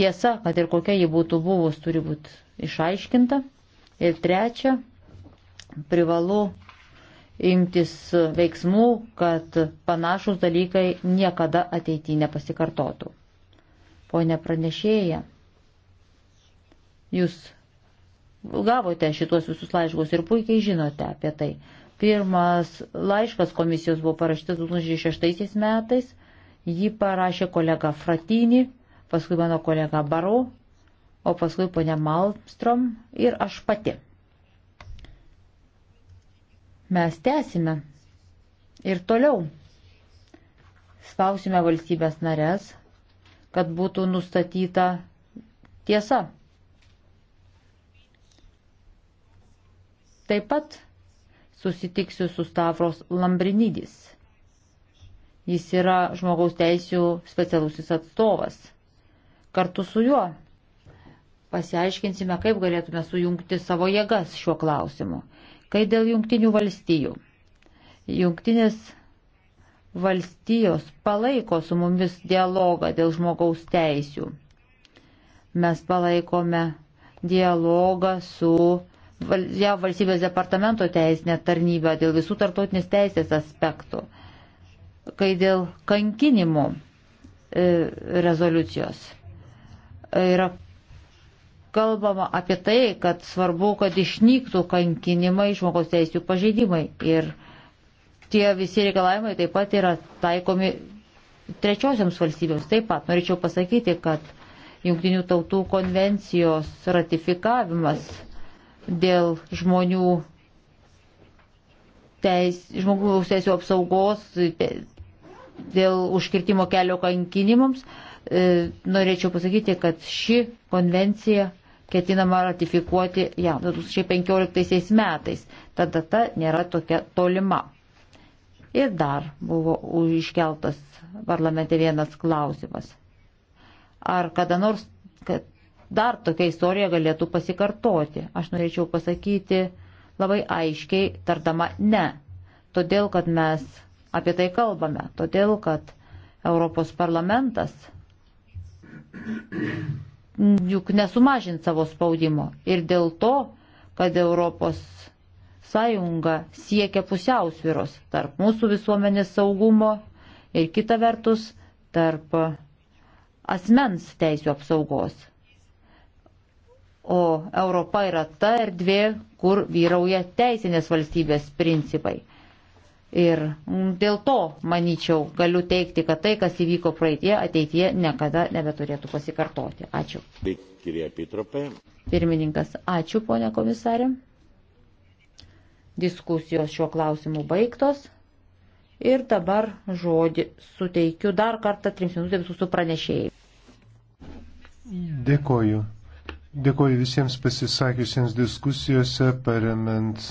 tiesa, kad ir kokia ji būtų buvus, turi būti išaiškinta Ir trečia, privalu imtis veiksmų, kad panašus dalykai niekada ateityje nepasikartotų. Pone pranešėja, jūs gavote šitos visus laiškus ir puikiai žinote apie tai. Pirmas laiškas komisijos buvo parašytas 2006 metais, jį parašė kolega Fratini, paskui mano kolega Baro, o paskui ponia Malmstrom ir aš pati. Mes tęsime ir toliau spausime valstybės narės, kad būtų nustatyta tiesa. Taip pat susitiksiu su Stavros Lambrinidis. Jis yra žmogaus teisų specialusis atstovas. Kartu su juo pasiaiškinsime, kaip galėtume sujungti savo jėgas šiuo klausimu. Kai dėl jungtinių valstijų. Jungtinės valstijos palaiko su mumis dialogą dėl žmogaus teisių. Mes palaikome dialogą su JAV valstybės departamento teisinė tarnyba dėl visų tartotinės teisės aspektų, kai dėl kankinimų e, rezoliucijos e, yra kalbama apie tai, kad svarbu, kad išnyktų kankinimai, žmogaus teisų pažeidimai. Ir tie visi reikalavimai taip pat yra taikomi trečiosiams valstybėms. Taip pat norėčiau pasakyti, kad Junktinių tautų konvencijos ratifikavimas dėl žmonių teis, žmogaus teisų apsaugos, dėl užkirtimo kelio kankinimams, e, norėčiau pasakyti, kad ši konvencija ketinama ratifikuoti jau 2015 metais. Ta data nėra tokia tolima. Ir dar buvo iškeltas parlamente vienas klausimas. Ar kada nors kad dar tokia istorija galėtų pasikartoti? Aš norėčiau pasakyti labai aiškiai, tardama ne. Todėl, kad mes apie tai kalbame, todėl kad Europos parlamentas juk nesumažint savo spaudimo ir dėl to, kad Europos sąjunga siekia pusiausviros tarp mūsų visuomenės saugumo ir kita vertus tarp asmens teisų apsaugos. O Europa yra ta erdvė, kur vyrauja teisinės valstybės principai. Ir dėl to, manyčiau, galiu teikti, kad tai, kas įvyko praeitie, ateitie niekada nebeturėtų pasikartoti. Ačiū. Pirmininkas, ačiū, ponia komisarė. Diskusijos šiuo klausimu baigtos. Ir dabar žodį suteikiu dar kartą trims minutėms jūsų pranešėjai. Dėkoju. Dėkoju visiems pasisakiusiems diskusijose, paremant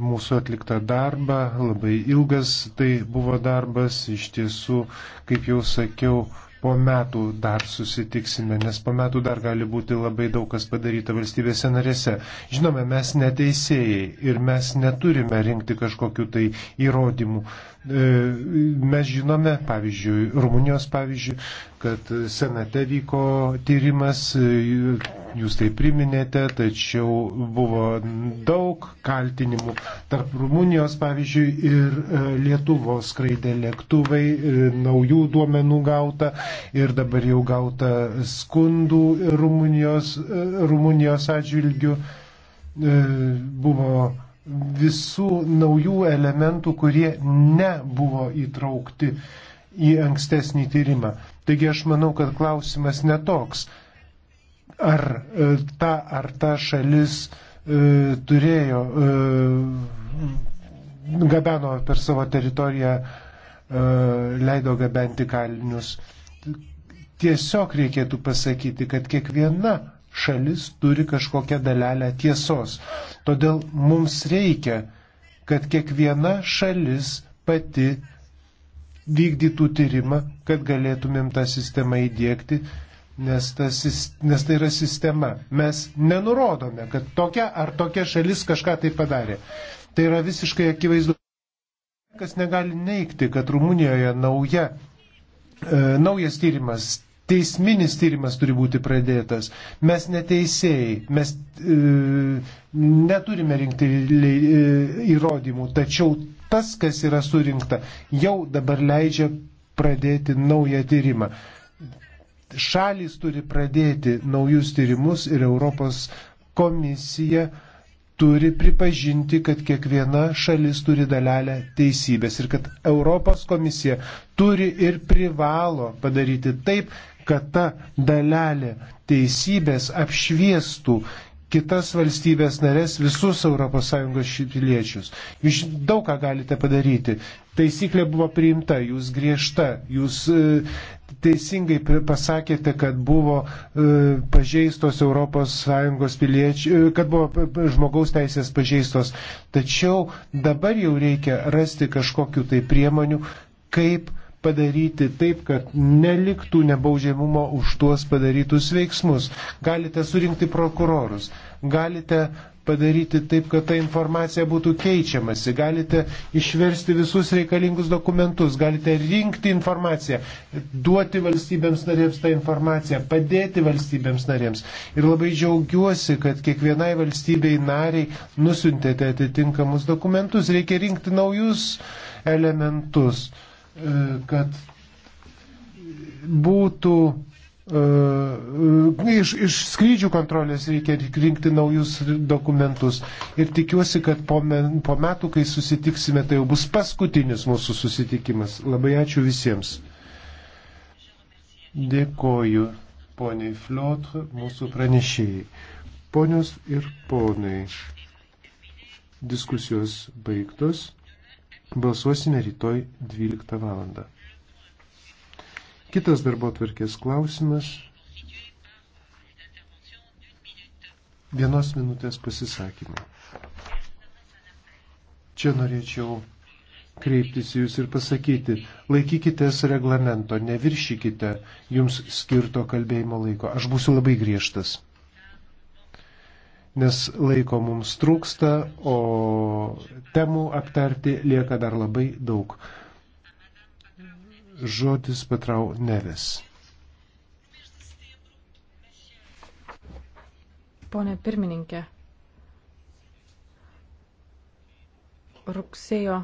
mūsų atliktą darbą, labai ilgas tai buvo darbas, iš tiesų, kaip jau sakiau, po metų dar susitiksime, nes po metų dar gali būti labai daug kas padaryta valstybėse narėse. Žinome, mes neteisėjai ir mes neturime rinkti kažkokiu tai įrodymu. E, mes žinome, pavyzdžiui, Rumunijos pavyzdžiui, kad senate vyko tyrimas, e, jūs tai priminėte, tačiau buvo daug kaltinimų tarp Rumunijos, pavyzdžiui, ir e, Lietuvos skraidė lėktuvai, naujų duomenų gauta ir dabar jau gauta skundų Rumunijos, Rumunijos atžvilgių. Buvo visų naujų elementų, kurie nebuvo įtraukti į ankstesnį tyrimą. Taigi aš manau, kad klausimas netoks, ar e, ta ar ta šalis e, turėjo, e, gabeno per savo teritoriją, e, leido gabenti kalinius. Tiesiog reikėtų pasakyti, kad kiekviena šalis turi kažkokią dalelę tiesos. Todėl mums reikia, kad kiekviena šalis pati vykdytų tyrimą, kad galėtumėm tą sistemą įdėkti, nes, ta, nes tai yra sistema. Mes nenurodome, kad tokia ar tokia šalis kažką tai padarė. Tai yra visiškai akivaizdu. Kas negali neikti, kad Rumunijoje nauja, e, naujas tyrimas teisminis tyrimas turi būti pradėtas. Mes neteisėjai, mes e, neturime rinkti e, įrodymų, tačiau tas, kas yra surinkta, jau dabar leidžia pradėti naują tyrimą. Šalys turi pradėti naujus tyrimus ir Europos komisija turi pripažinti, kad kiekviena šalis turi dalelę teisybės ir kad Europos komisija turi ir privalo padaryti taip, kad ta dalelė teisybės apšviestų kitas valstybės narės, visus ES piliečius. Jūs daug ką galite padaryti. Taisyklė buvo priimta, jūs griežta, jūs e, teisingai pasakėte, kad buvo e, pažeistos ES piliečių, e, kad buvo žmogaus teisės pažeistos. Tačiau dabar jau reikia rasti kažkokiu tai priemonių, kaip padaryti taip, kad neliktų nebaudžiamumo už tuos padarytus veiksmus. Galite surinkti prokurorus, galite padaryti taip, kad ta informacija būtų keičiamasi, galite išversti visus reikalingus dokumentus, galite rinkti informaciją, duoti valstybėms narėms tą informaciją, padėti valstybėms narėms. Ir labai džiaugiuosi, kad kiekvienai valstybei nariai nusintėte atitinkamus dokumentus, reikia rinkti naujus elementus kad būtų e, iš, iš skrydžių kontrolės reikia rinkti naujus dokumentus. Ir tikiuosi, kad po, men, po metų, kai susitiksime, tai jau bus paskutinis mūsų susitikimas. Labai ačiū visiems. Dėkoju poniai Flotr, mūsų pranešėjai. Ponios ir ponai, diskusijos baigtos. Balsuosime rytoj 12 val. Kitas darbo tvarkės klausimas. Vienos minutės pasisakymai. Čia norėčiau kreiptis į Jūs ir pasakyti, laikykitės reglamento, neviršykite Jums skirto kalbėjimo laiko. Aš būsiu labai griežtas nes laiko mums trūksta, o temų aptarti lieka dar labai daug. Žodis Petrau Neves. Pone pirmininkė, rugsėjo